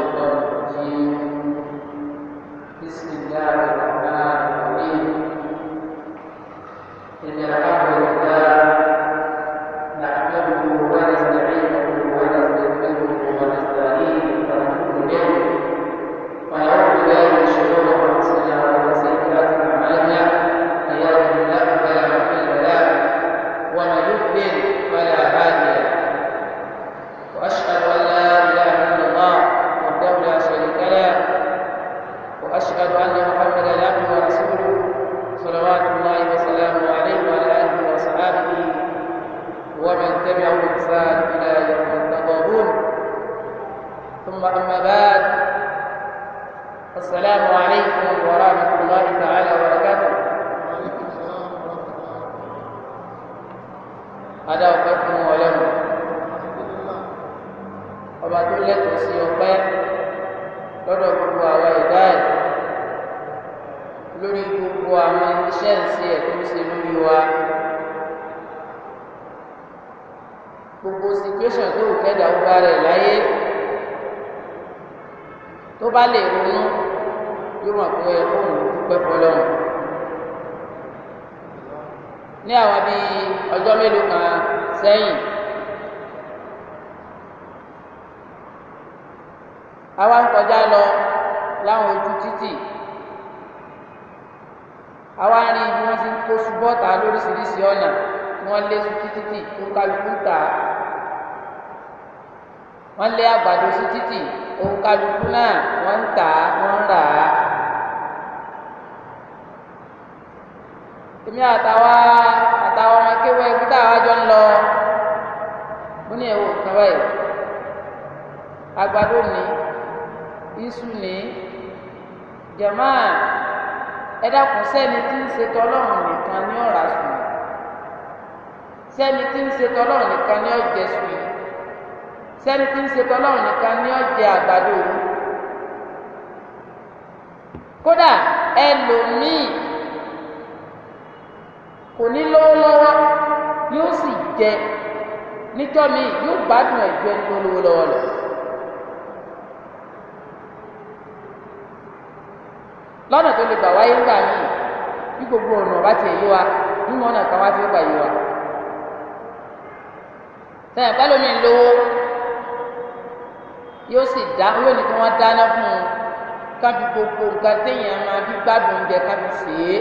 الرجيم بسم الله gbádùn ẹ̀ ju ẹni tó lówó lọ́wọ́ lọ. lọ́nà tó lè gbà wáyé ń gbà mí bí gbogbo ọ̀nà ọba tiẹ̀ yé wa nínú ọ̀nà kan wá ti gbà yé wa. sẹ́yìn pẹ́ lómi lówó yóò sì dá yóò ní kí wọ́n dáná fún un kábi gbogbo nǹkan téèyàn máa fi gbádùn oúnjẹ kábi sèé.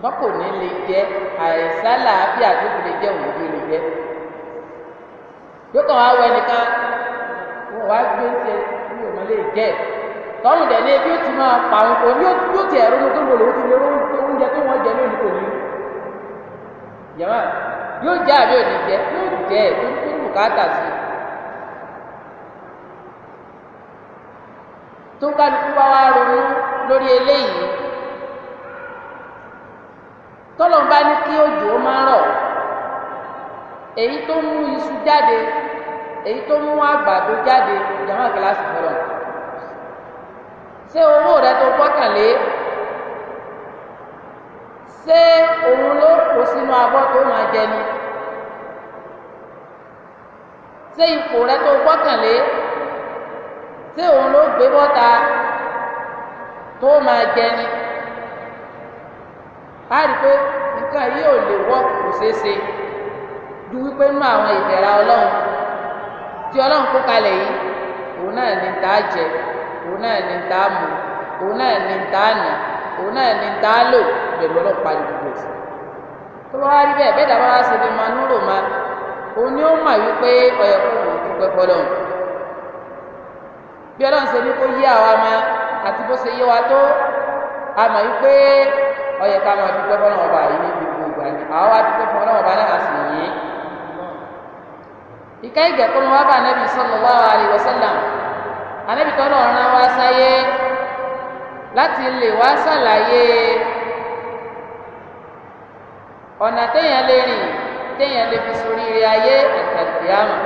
ṣùgbọ́n kò ní lè jẹ́ àìsàn làáfíà tó fi lè jẹ́ òyìnbó lè jẹ́ yókàn wá wọ ẹnìkan wọn wá gbé tiẹ̀ ní òun lè jẹ́ tọ́run dẹ̀ ní ebi ó ti máa pa àwọn kò ní yóò ti ẹ̀rọ tó wọlé ó ti lè oúnjẹ tó wọ́n jẹ lónìí kò ní yàrá yóò jẹ́ àbí òní jẹ́ yóò jẹ́ tó ń kú bùkátà sí tó ń kálukú wá wá ronú lórí eléyìí. èyí tó mú iṣu jáde èyí tó mú àgbàdo jáde ìjàmbá kíláàsì fọlọ ṣé owó rẹ tó gbọ́kànlé ṣé òun ló kó sínú abọ́ tó máa jẹ ni ṣé ipò rẹ tó gbọ́kànlé ṣé òun ló gbé bọ́ta tó máa jẹ ni a pé nǹkan yìí ò lè wọ́ kò ṣeé ṣe ju wípé nínú àwọn ìdẹ̀ra ọlọ́run tí ọlọ́run kó kalẹ̀ yìí òun náà ní tá a jẹ òun náà ní tá a mú òun náà ní tá a nà òun náà ní tá a lò bẹ̀rù ọlọ́pàá ní gbogbo ẹ̀sìn tó bá wá rí bẹ́ẹ̀ bẹ́ẹ̀ dábàá wá sí ibi máa núrò máa òun ni ó mà wípé ọyọ kó wò ó dúpẹ́ fọlọ́run bí ọlọ́run ṣe ní kó yí àwa ma àti bó ṣe yé wa tó a mà wípé ọyọ ká máa dúpẹ́ fọlọ́run ọba yìí ní gbogbo ìgbà ni àwa wá dúpẹ́ fọlọ́run ọba náà sì yín ìkẹ́ ìgẹ̀kùn wa bá anabi sallallahu alaihi wasallam anabi tọ́lọ̀ ọ̀ràn wa sáyé láti lè wá sàlàyé ọ̀nà téèyàn lè rìn téèyàn lè fi soríire ayé àtàlùkìyàmù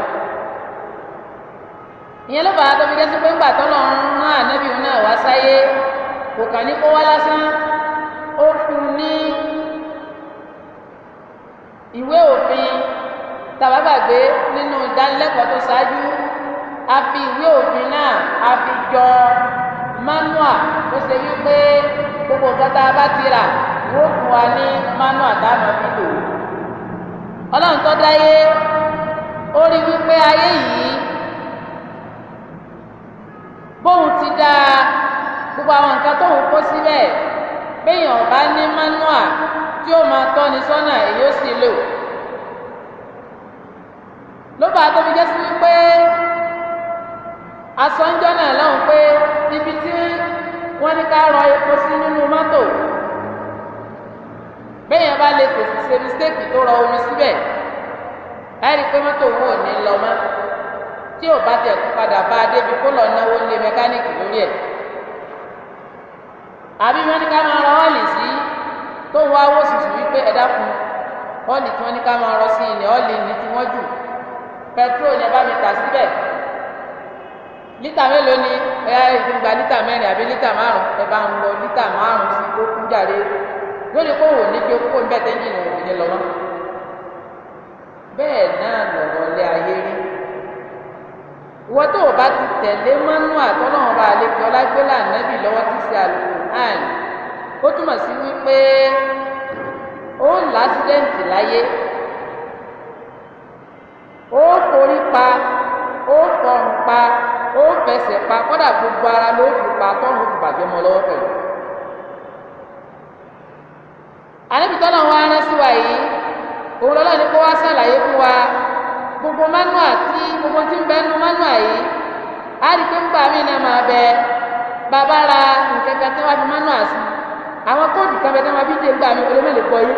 ìyẹn ló bá a tó fi kẹ́sí pé ńgbà tọ́lọ̀ ń rán ànábì náà wá sáyé kò kàn ní kó wá lásán ó fún ní ìwé òfin tàbá gbàgbé nínú ìdánilẹ́kọ̀ọ́ tó ṣáájú a fi ìwé òfin náà a fi jọ mánúà tó ṣe wípé gbogbo nǹkan tá a bá ti rà yóò fún wa ní mánúà tá a máa fi lò ọlọ́run tó dáyé ó rí wípé ayé yìí bóun ti dá gbogbo àwọn nǹkan tóun kó síbẹ̀ béèyàn bá ní mánúà tí ó máa tọ́ni sọ́nà èyí ó sì lò ló bá tóbi jẹ́ sí wípé asọ́njọ́ náà lọ́hùn pé ibi tí wọ́n ní ká rọ epo sí nínú mọ́tò bẹ́yẹn bá lè fèsì ṣe mistake tó rọ omi síbẹ̀ láì pé mọ́tò wọn ò ní lọ mọ́ tí ò bá tẹ̀ kó padà bá a débi kó lọ náwó lé mẹkáníìkì lórí ẹ̀ àbí wọ́n ní ká máa rọ ọ́ọ̀lì sí tó ń wá sùsù wípé ẹ̀dá kun ọ́ọ̀lì tí wọ́n ní ká máa rọ sí ilẹ̀ ọ́ọ̀lì ní tí wọ́n jù pẹtrol yẹn bá mi tà síbẹ̀ lítà mélòó ni ẹ̀yà ìdúgba lítà mẹ́rin àbí lítà márùn ẹ̀ bá ń lọ lítà márùn sí kó kú jàre lórí kó wò ní kí o kó bẹ́ẹ̀ tẹ́jì ní òkè lọ́wọ́ bẹ́ẹ̀ náà lọ̀rọ̀ lé ayé rí wọ́n tó o bá ti tẹ̀lé mọ́nú àtọ́lọ́wọ́n bá lè fi ọlágbélà nẹ́bì lọ́wọ́ ti ṣe àlùkò hàn ó túmọ̀ sí wípé ó ń lásídẹ́ǹtì láyé ó forí pa ó fọrùn pa ó fẹsẹ̀ pa kọ́dà gbogbo ara ló fi pa tọ́run fi bàjẹ́ mọ́ lọ́wọ́ pẹ̀lú. àníbi wa yìí òun lọ́lọ́ ní kó wá sàlàyé fún wa gbogbo manua tí gbogbo nu manua yìí á rí i pé nígbà míì náà máa bẹ tí wọ́n fi manua sí àwọn kóòdù kan tí wọ́n fi dé yìí.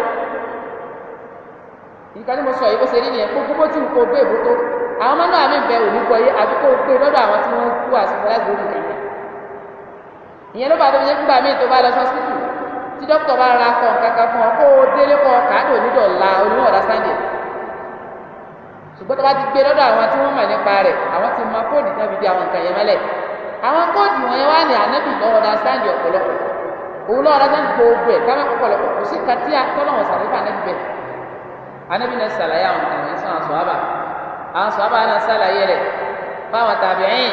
nǹkan tí mo sọ yìí bó ṣe rí nìyẹn kó gbogbo tí kò gbé èbó tó àwọn ọmọ náà mi bẹ òní gbọ́ yé àti kó gbé lọ́dọ̀ àwọn tí wọ́n kú àsìkò láti lórí ìkànnì ìyẹn ló bá tó fi ṣe gbà míì tó bá lọ sọ́sìpìtì tí dókítà bá ra kọ̀ kankan fún ọ kó o délé kọ káàdì onídọ̀ onímọ̀ ọ̀dà sáńdẹ̀ ṣùgbọ́n tó bá ti gbé lọ́dọ̀ àwọn tí wọ́n mọ̀ nípa rẹ̀ àwọn ti mọ kóòdù náà fi di àwọn nǹkan yẹn mọ́lẹ̀ àwọn kóòdù wọn yẹn wá ní ànábì lọ́wọ́ ọ̀dà sáńdẹ̀ ọ̀pọ̀lọpọ̀ òun lọ́wọ́ ọ̀dà sáńdẹ̀ gbogbo ẹ̀ káwọn ọ̀pọ̀lọpọ̀ kò sí kàtíyà tọ́lọ́wọ̀n sàrífà náà bẹ̀rẹ̀ anabi náà ṣàlàyé àwọn kan yìí sọ àwọn sọ̀hábà àwọn sọ̀hábà náà ṣàlàyé rẹ̀ fáwọn tàbíìn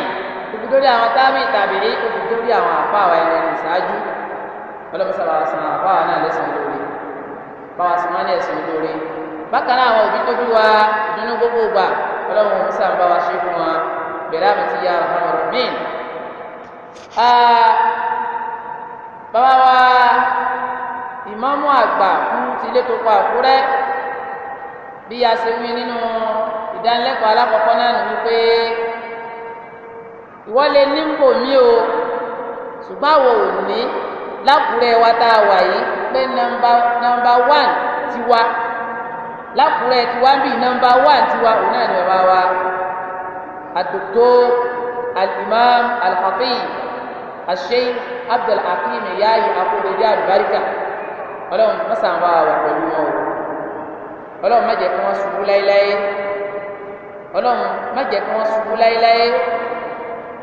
òfin dórí àwọn tábì tàbíì òfin dórí àwọn àfáwà ẹni ẹni ṣáájú ọlọ́mọsàbà wa sàn àfáwà náà lẹ́sìn lórí fáwọn sàmánì ẹ̀sìn lórí bákan náà àwọn òbí tó bí wa dunu gbogbo gbà ọlọ́run musa ń bá wa ṣe fún wa bẹ̀rẹ̀ àmì ti yára fún ọ̀rọ̀ míì. bàbá wa ìmáàmù àgbà fún tilé tó pa Àkúrẹ́ bí a ṣe wí nínú ìdánilẹ́kọ̀ọ́ alákọ̀ọ́kọ́ náà nù wípé ìwọ lè ní mbò mí o ṣùgbọ́n àwọn ò ní lákùrẹ́ wa tá a wà yìí pé nọ́mbà nọ́mbà wán tiwa lákùrẹ́ tiwa bí nọ́mbà wán tiwa òun náà ni bàbá wa àdòdó alimam alhaqib asheikh abdulhakeem yayi akóredé àlùbáríkà ọlọ́run mọ́sàn-án bá wà pẹ̀lú wọn o ọlọ́run má jẹ́ kí wọ́n ṣubú láéláé ọlọ́run má jẹ́ kí wọ́n ṣubú láéláé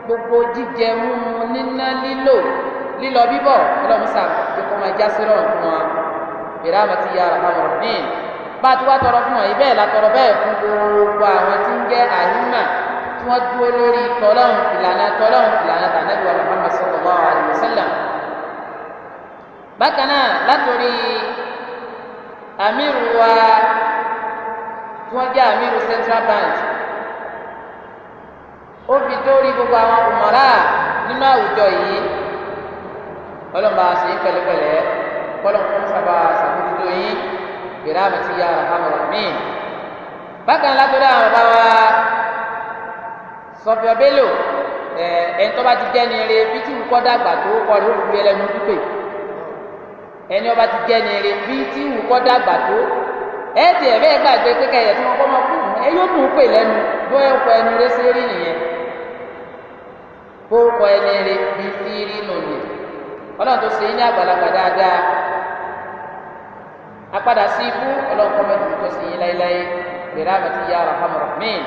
gbogbo jíjẹ mímu níná lílò lílọ bíbọ̀ ọlọ́run sà pé kó máa jásí rọrùn fún wa bèrè àwọn ti yára àwọn ọ̀rìn bá a ti wá tọrọ fún wọn yìí bẹ́ẹ̀ la tọrọ fún gbogbo àwọn tí ń jẹ́ àyínmà tí wọ́n dúró lórí tọ́lọ́run ìlànà tọ́lọ́run ìlànà tànàbí wa Muhammad sallallahu bákan náà látòrí amiru tí wọ́n jẹ́ àmírù central bank ó fi dórí gbogbo àwọn òmàrà nínú àwùjọ yìí ọlọ́mọba ṣe pẹ̀lẹ́pẹ̀lẹ́ kọ́lọ́mọba sábà ṣàbójútó yín gbèrà mi ti ya àhámọ̀ràn míì bákan látọ̀dọ̀ àwọn bàbá wa sọfíọ bello ẹ ẹni tó bá ti jẹ́ ni eré bí tí wùkọ́ dàgbà tó kọ́ ló fi ẹlẹ́nu dúpẹ́ ẹni ọba ti jẹ́ ni eré bí tí wùkọ́ dàgbà tó ẹ ti ẹ̀ bẹ́ẹ̀ gbàgbé pé kẹyẹ tí wọ́n kọ́ máa kú ẹ yóò tún pè lẹ́nu bó ẹ kọ ẹnu rẹ sí rí nìyẹn bó kọ ẹni rẹ bí fi rí nù ni ọlọ́run tó ṣe yín àgbàlagbà dáadáa apadà sí ikú ọlọ́run kọ́ mẹ́tò tó ṣe yín láéláé bẹ̀rẹ̀ àmẹ́tí yá ara hàn rọ̀ míì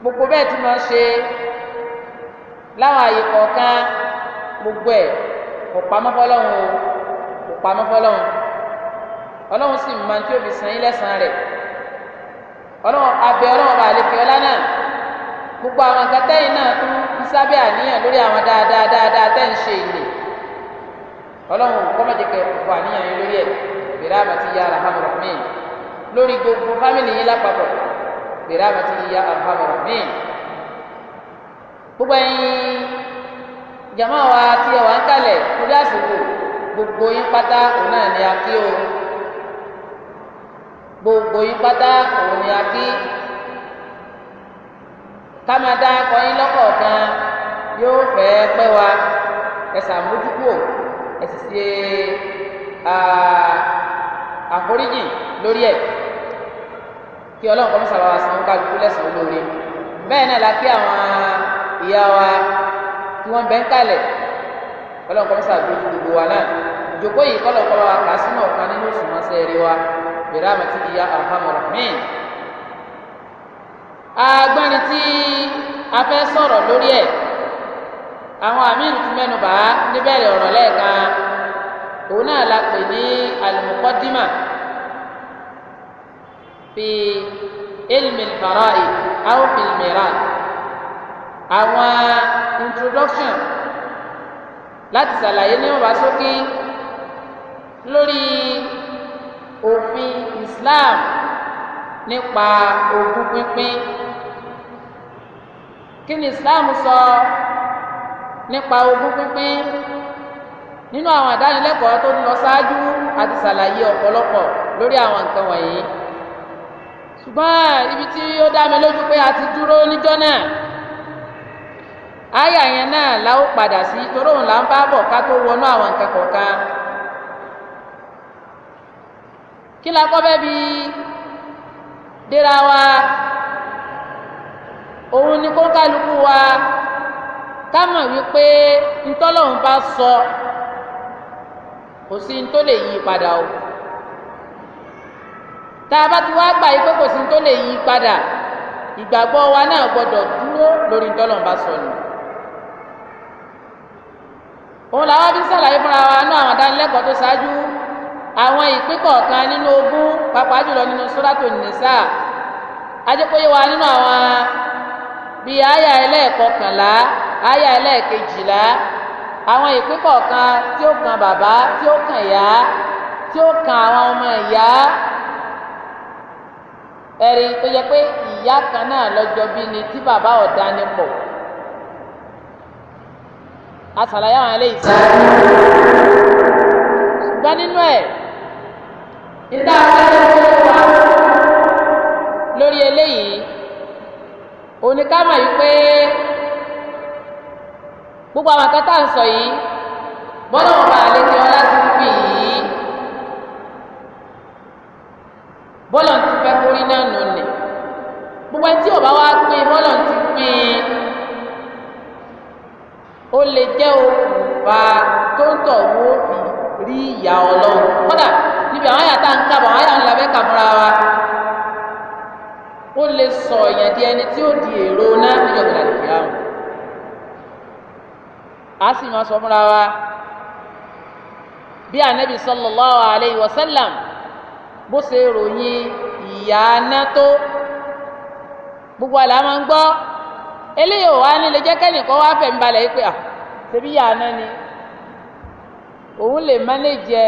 gbogbo bẹ́ẹ̀ tí máa ṣe láwọn àyè kọ̀ọ̀kan gbogbo ẹ̀ kò pamọ́ fọlọ́run o kò pamọ́ fọlọ́run ọlọ́run sì mọ tí ó fi san yín lẹ́sàn-án rẹ̀ ọlọ́run abẹ ọlọ́run bá lè fi ọlá náà gbogbo àwọn nǹkan tẹ́yìn náà tún fi sábẹ́ àníyàn lórí àwọn dáadáa dáadáa tẹ́ ń ṣe ìlè ọlọ́run kọ́mọ̀jẹ̀ fọ àníyàn yín lórí ẹ̀ bẹ̀rẹ̀ àbàtì ya alhamdu rahman lórí gbogbo fámìlì yín lápapọ̀ bẹ̀rẹ̀ àbàtì ya alhamdu rahman gbogbo ẹ̀yin jama wa tí ẹ wà ń kalẹ̀ kúrẹ́ àsìkò gbogbo yín pátá òun náà ni a kí o gbogbo yín pátá òun ni a kí ká máa dá akọ yín lọ́kọ̀ọ̀kan yóò fẹ́ pẹ́ wa ẹ̀sà mójúkúò ẹ̀sì ṣe àforíjì lórí ẹ̀ kí ọlọ́run kọ́mí sàbàwà sí ń kálukú lẹ́sàn-án lórí bẹ́ẹ̀ náà la kí àwọn ìyá wa tí wọ́n bẹ́ ń kalẹ̀ ọlọ́run kọ́mí sàbàwà gbogbo wa náà ìjókòó yìí kọ́lọ̀ kọ́lọ̀ wa kà sínú ọ̀kan nínú òṣùwọ̀n sẹ́ẹ̀rẹ̀ wa. برامتي يا arhamar الراحمين. agbani tí a fẹ́ sọ̀rọ̀ lórí ẹ̀ àwọn àmínú ti mẹ́nu bá níbẹ̀rẹ̀ ọ̀rọ̀ lẹ́ẹ̀kan òun náà la pè ní al-muqaddima fi ilmi al-fara'id aw fi al àwọn introduction láti ṣàlàyé ní ọba sókè lórí. òfin Islam nípa ogún pínpín kí ni Islam sọ nípa ogún pínpín nínú àwọn àdánilẹ́kọ̀ọ́ tó ń lọ ṣáájú àti ṣàlàyé ọ̀pọ̀lọpọ̀ lórí àwọn nǹkan wọ̀nyí ṣùgbọ́n ibi tí ó dá mi lójú pé a ti dúró níjọ́ náà àyà yẹn náà la ó padà sí torí òun là ń bá bọ̀ ká tó wọnú àwọn nǹkan kọ̀ọ̀kan. kí la kọ́ bẹ́ẹ̀ bí dira wa òun ni kó kálukú wa ká mọ̀ wípé ntọ́lọ́hún bá sọ kò sí ní tó lè yí padà o tá a bá ti wá gbà yí pé kò sí ní tó lè yí padà ìgbàgbọ́ wa náà gbọ́dọ̀ dúró lórí ntọ́lọ́hún bá sọ ni òun làwọn bí sàlàyé fúnra wa náà àwọn dánilẹ́kọ̀ọ́ tó ṣáájú. àwọn ìpín kọ̀ọ̀kan nínú ogún pàápàá jùlọ nínú sóràtò nìsà adékòye wa nínú àwọn bíi àyà ẹlẹ́ẹ̀kọkànlá àyà ẹlẹ́ẹ̀kejìlá àwọn ìpín kọ̀ọ̀kan tí ó kan bàbá tí ó kan ìyá tí ó kan àwọn ọmọ ìyá ẹ̀rí tó yẹ pé kan náà lọ́jọ́ ni tí bàbá ni pọ̀ àwọn ṣùgbọ́n nínú ìdá afẹ́fẹ́ fún wa lórí eléyìí oníkámọ̀ yìí pé gbogbo àwọn akẹ́tà ń sọ yìí bọ́lá wọn bá lè fi ọlá ti fi yìí bọ́lá ti fẹ́ kórí náà nù ní gbogbo ẹni ò bá wá pín bọ́lá ti pín ó lè jẹ́ okùnfà tó ń tọ̀ wó rí ìyá ọlọ́run kódà níbi àwọn àyà tá à ń kábọ̀ àwọn àyà ńlá fẹ́ kà fúnra wa ó lè sọ èèyàn di ẹni tí ó di èrò náà níjọba ìlànà ìyá wọn a sì máa sọ fúnra wa bí anabi sallallahu alayhi wa sallam bó ṣe ròyìn ìyá aná tó gbogbo àlá máa ń gbọ́ eléyìí wà ní lè jẹ́ kẹ́nìkan wá fẹ̀mí balẹ̀ yìí pé à ṣebí ìyá aná ni òun lè mánéjẹ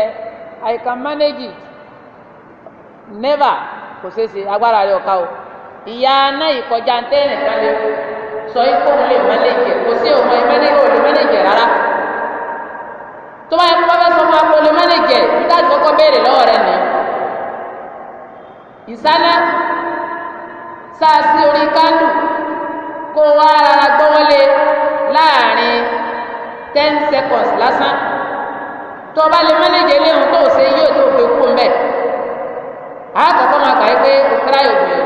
I can manage it never kò ṣeé ṣe agbára rẹ̀ ọ̀ka o ìyá aná ìkọjá ntẹ́ẹ̀nì kan lè sọ ikú òun lè manage ẹ̀ kò sí òun ẹ̀ manage òun lè manage ẹ̀ rárá tó bá yẹ kó bá fẹ́ sọ fún akọ lè manage ẹ̀ nígbà tí kọ́kọ́ béèrè lọ́wọ́ rẹ̀ nìyẹn ìsáná sáà orí kánú kó wá rárá gbọ́wọ́lé láàrin ten seconds lásán tó bá lè mánéjì eléhùn tó ṣe yóò tó gbé kú mbẹ àkọ́kọ́ máa kà í pé òkúra ìwé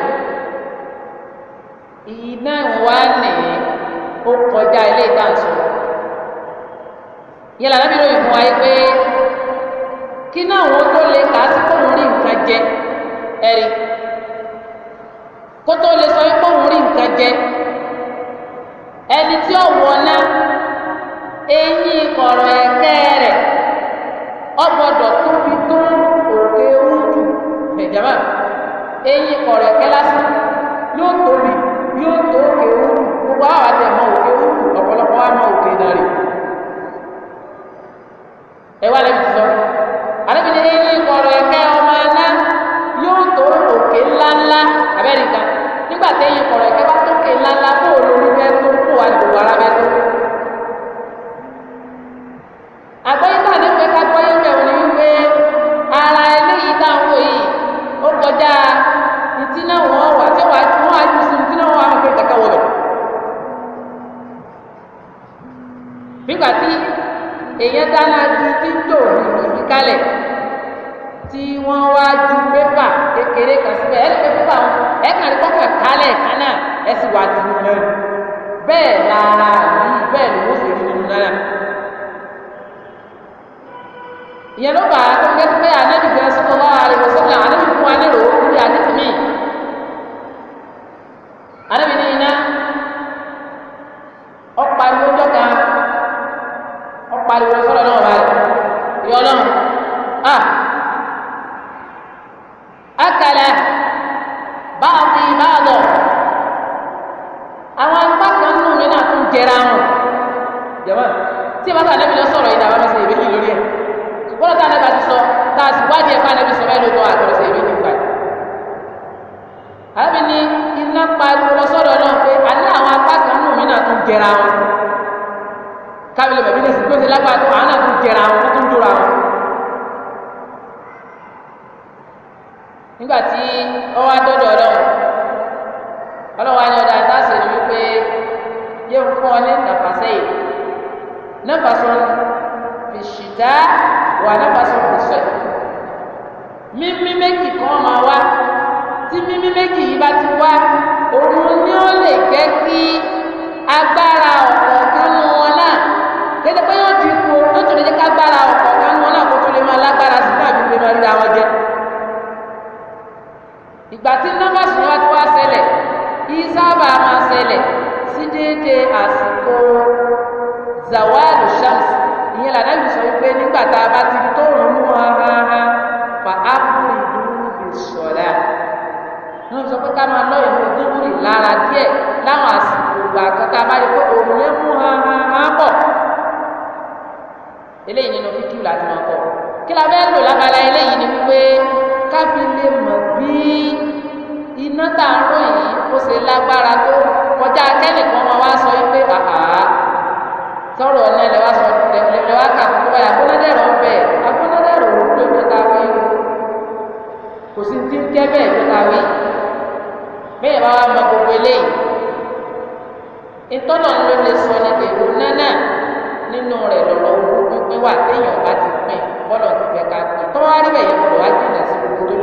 iná ìwà nì ó kọjá ilé ìdáǹsọ yẹn lànà bí lóyún fún wa yí pé kí náà wọn tó lè kà á sí kóun rí nǹkan jẹ ẹrí kó tó lè sọ pé òun rí nǹkan jẹ ẹni tí ó wọ náà eyín kọ̀rọ̀ ẹ̀kẹ́ rẹ̀ ọgbọ́dọ̀ tó fi tó òkè ojú bẹjàmá eyín kọrẹ kẹlásì yóò tóbi yóò tó òkè ojú gbogbo àwọn àti ẹmọ òkè ojú ọ̀pọ̀lọpọ̀ àmọ́ òkè dàrí ẹ wá lẹbi sọ àdébìnrin eyín kọrẹ kẹ ọmọ ẹná yóò tó òkè ńláńlá abẹ́rìnká nígbà tẹ́yìn kọrẹ kẹ bá tókè ńláńlá kó o lórí bẹ́ẹ̀ tó kó àdùn ara bẹ́ẹ̀ tó. èèyàn dáná ju títò ìròyìn kalẹ̀ tí wọ́n wá ju pépà kékeré kan síbẹ̀ ẹ̀ lè pépà wọn ẹ̀ kàn ní kọ́kàn kálẹ̀ kan náà ẹ̀ sì wá ju wọn lẹ́nu bẹ́ẹ̀ lára yìí bẹ́ẹ̀ ló wọ́n sì rí nínú náà. ìyẹn ló bàa tó ń gẹ́ pé anábì gan sọ́kọ́ lọ́wọ́ àríwọ̀ sọ́kọ́ anábì fún wa ní ìròwó kúrò àdìsí mi. anábì ní iná ọ̀pá ìwé ọjọ́ kan pariwo sọ̀rọ̀ náà wà rẹ̀ yọ náà a akala báàbí báàbọ̀ àwọn apá kan nù mí náà tún jẹra wọn jẹ̀mọ́ tí ìbáṣà nẹ́bí lọ sọ̀rọ̀ yìí dàbá mi ṣe ìbéjì lórí ẹ̀ ṣùgbọ́n lọ́tà nẹ́bà ti sọ tá a sì wádìí ẹ̀fà nẹ́bí sọ bẹ́ẹ̀ lóko àgbọ̀rọ̀ ṣe ìbéjì gbà yìí. àbí ni iná pariwo lọ sọ̀rọ̀ náà pé àní àwọn apá kan nù mí náà tún jẹra wọn kábílẹ̀ bẹ̀bí ní ìsìnkú ṣe lágbàá tó àwọn àti jẹra àwọn tó tún jọra wọn. nígbà tí ó wá dọ́dọ̀ ọlọ́run ọlọ́run á ní ọ̀dà àtàṣe ni wípé yé ń fún ọ ní nàfàṣẹ́ yìí nàfàṣọ fìṣìdá wà nàfàṣọ fìṣẹ̀ mímí méjì kan máa wá tí mímí méjì yìí bá ti wá òun ni ó lè jẹ́ kí. nígbà tá a bá ti tóorùn mú ha ha ha fa ápùlì dúró bí sọ̀rọ̀ wọn sọ pé ká máa lọ ìwé dúkùrì lára díẹ̀ láwọn àsìkò ìgbà kan tá a bá rí pé òun yẹn mú ha ha ha pọ̀ eléyìí nínú fíkìú láti máa kọ kí la fẹ́ lò lábala eléyìí ni wípé kábí lè mọ̀ bí iná tá a rò yìí ó ṣe lágbára tó kọjá kẹ́nìkan máa wá sọ wípé àhàhà sọ̀rọ̀ ọ̀nà lẹ́wà sọ lẹ́wà kà fún báyà agbónádẹ́rọ̀ ń bẹ̀ agbónádẹ́rọ̀ ò ló tó ta wí kò sí ti ń jẹ́ bẹ́ẹ̀ tó ta wí bẹ́ẹ̀ bá wà mọ gbogbo eléyìí ìtọ́nà ló lè sọ ní tèmi nánà nínú rẹ̀ lọ́rọ̀ pínpín wà téèyàn bá ti pín bọ́lọ̀ tó fẹ́ ká pín tọ́wọ́ á rí bẹ̀yẹ wá jìnà sí gbogbo tó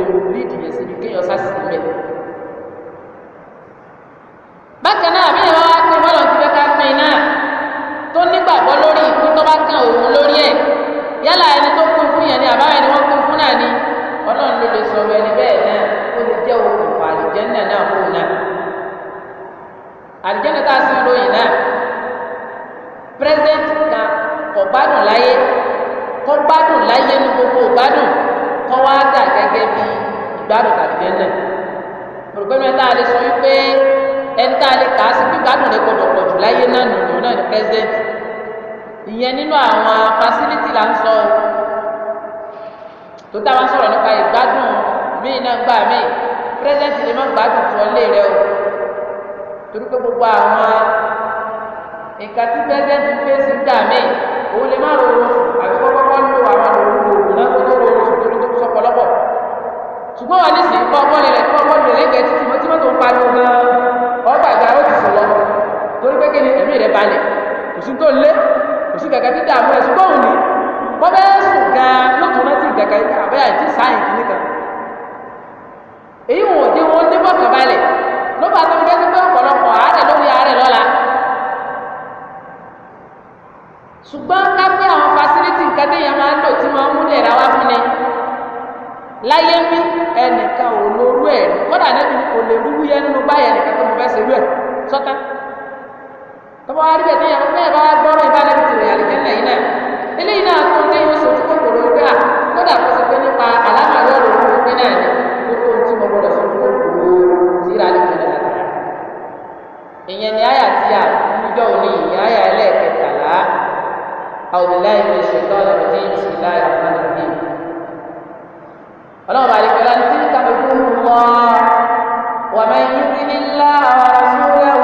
lè rí gbádùn láyé ní gbogbo ìgbádùn kọ́ wá dà gẹ́gẹ́ bí ìgbádùn tàbí jẹ́nà olùgbẹ́mi tá a lè sọ wípé ẹni tá a lè kà á sí pé ìgbádùn rẹ̀ gbọdọ̀ pọ̀ jù láyé náà nù nù náà ní pẹ́sidẹ́ntì ìyẹn nínú àwọn fásilítì là ń sọ tó táwọn sọ̀rọ̀ nípa ìgbádùn míì náà gbà míì pírẹsẹ̀ntì lè má gbádùn tó ọlé rẹ o torí pé gbogbo àwọn nǹkan tí pírẹsẹ̀ntì ń fèsì gbà míì òun lè má rọrùn àbí ṣùgbọ́n wà nísìn kọ́ bọ́ọ̀lù rẹ̀ kọ́ bọ́ọ̀lù rẹ̀ lẹ́gbẹ̀ẹ́ títí mọ́ tí mọ́tò ń pariwo gan-an ọgbà àgbà ó ti sùn lọ torí pé kíni ẹ̀mí rẹ̀ balẹ̀ kò sí tó lé kò sí kàkà tí dààmú ẹ̀ ṣùgbọ́n òní wọ́n bẹ́ẹ̀ sùn gan-an lótò rántí kàkà àbẹ́yà ti sáyìn kìíní kan èyí wọn ò dé wọn dé bọ́ọ̀kà balẹ̀ ló bá tó ń gẹ́sí pé ọ̀pọ̀lọpọ̀ àárẹ̀ ló wí àárẹ̀ lọ́la ṣùgbọ́n ká pé àwọn fasiliti láyé mi ẹnìkan ò lórú ẹ̀ kódà níbi kò lè rúwú yẹn nínú báyẹn nìkan tó mo fẹ́ ṣerú ẹ̀ sọ́tá tọ́wọ́ wá rí bẹ̀ tó yẹ kó bẹ́ẹ̀ bá gbọ́rọ̀ ìbálẹ̀ mi ti rìn àlejò ńlẹ̀ yìí náà eléyìí náà tó ń dé yóò sojú kòkòrò gbà kódà kó ti pé nípa àlámà lọ́rọ̀ tó ń gbé náà ní kókó tí mo gbọ́dọ̀ sojú kòkòrò tí ra lè fi dàgbà. ìyẹn ni ọlọ́run bá lè pẹ̀lú àti tí ń kàwé fún un wọ́n wọ́n máa ń yí sí ní ńlá àwọn àṣúwẹ̀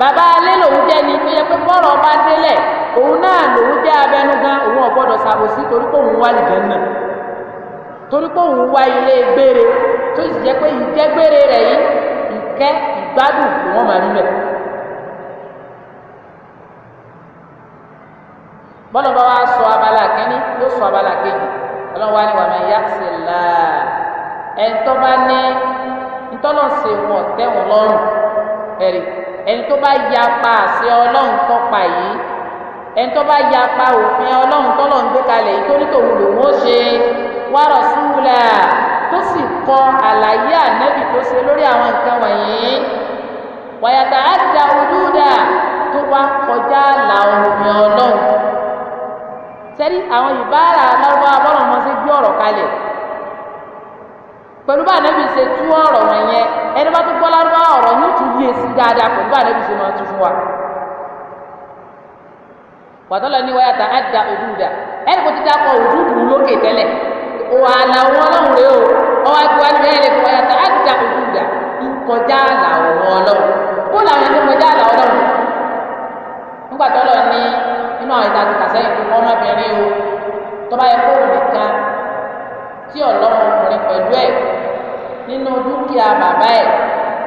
bàbá alẹ́ lòun jẹ́ ni tó yẹ pé bọ́rọ̀ bá délẹ̀ òun náà lòun jẹ́ abẹnugan òun ọ̀gbọ́dọ̀ ṣàbòsí torí pé òun wá lìjẹ́ náà torí pé òun wá ilé gbére tó sì jẹ́ pé ìjẹ́ gbére rẹ̀ yìí ìkẹ́ ìgbádùn lòun máa rí bẹ́ẹ̀. bọ́lá bá wa sọ abala kínní yóò sọ abala kejì ọlọ́run ni wàmí yàtì là ẹ̀ ń tọ́ bá ní ntọ́lọ́sẹ̀ wọn tẹ́wọn lọ́rùn ẹ̀rí ẹni tó bá ya pa àṣẹ ọlọ́run tó pa yìí ẹni tó bá ya pa òfin ọlọ́run tó lọ́n gbé kalẹ̀ yìí tó ní tòun lòun ó ṣe wa rasula tó sì kọ àlàyé ànábì tó ṣe lórí àwọn nǹkan wọ̀nyí wàyàtà àjà ojúdà tó wá kọjá àlà òfin ọlọ́run sẹ́ni àwọn ìbára aláwọ̀ abọ́rọ̀ mọ́ sí gbé ọ̀rọ̀ kalẹ̀. pẹ̀lú bá ànábì ṣe tú ọ̀rọ̀ wọn yẹn ẹni bá gbọ́ lárúbá ọ̀rọ̀ yóò tún e dáadáa pẹ̀lú bá ṣe máa fún wa. wáyà tá a da ẹni kò ti dá kọ lókè tẹ́lẹ̀ o ọwọ́ àti bẹ́ẹ̀ lè wáyà tá a da nkọjá kó làwọn ẹni kọjá nígbà ní inú àwọn tí ọlọ́mọkùnrin pẹ̀lú ẹ̀ nínú dúkìá bàbá ẹ̀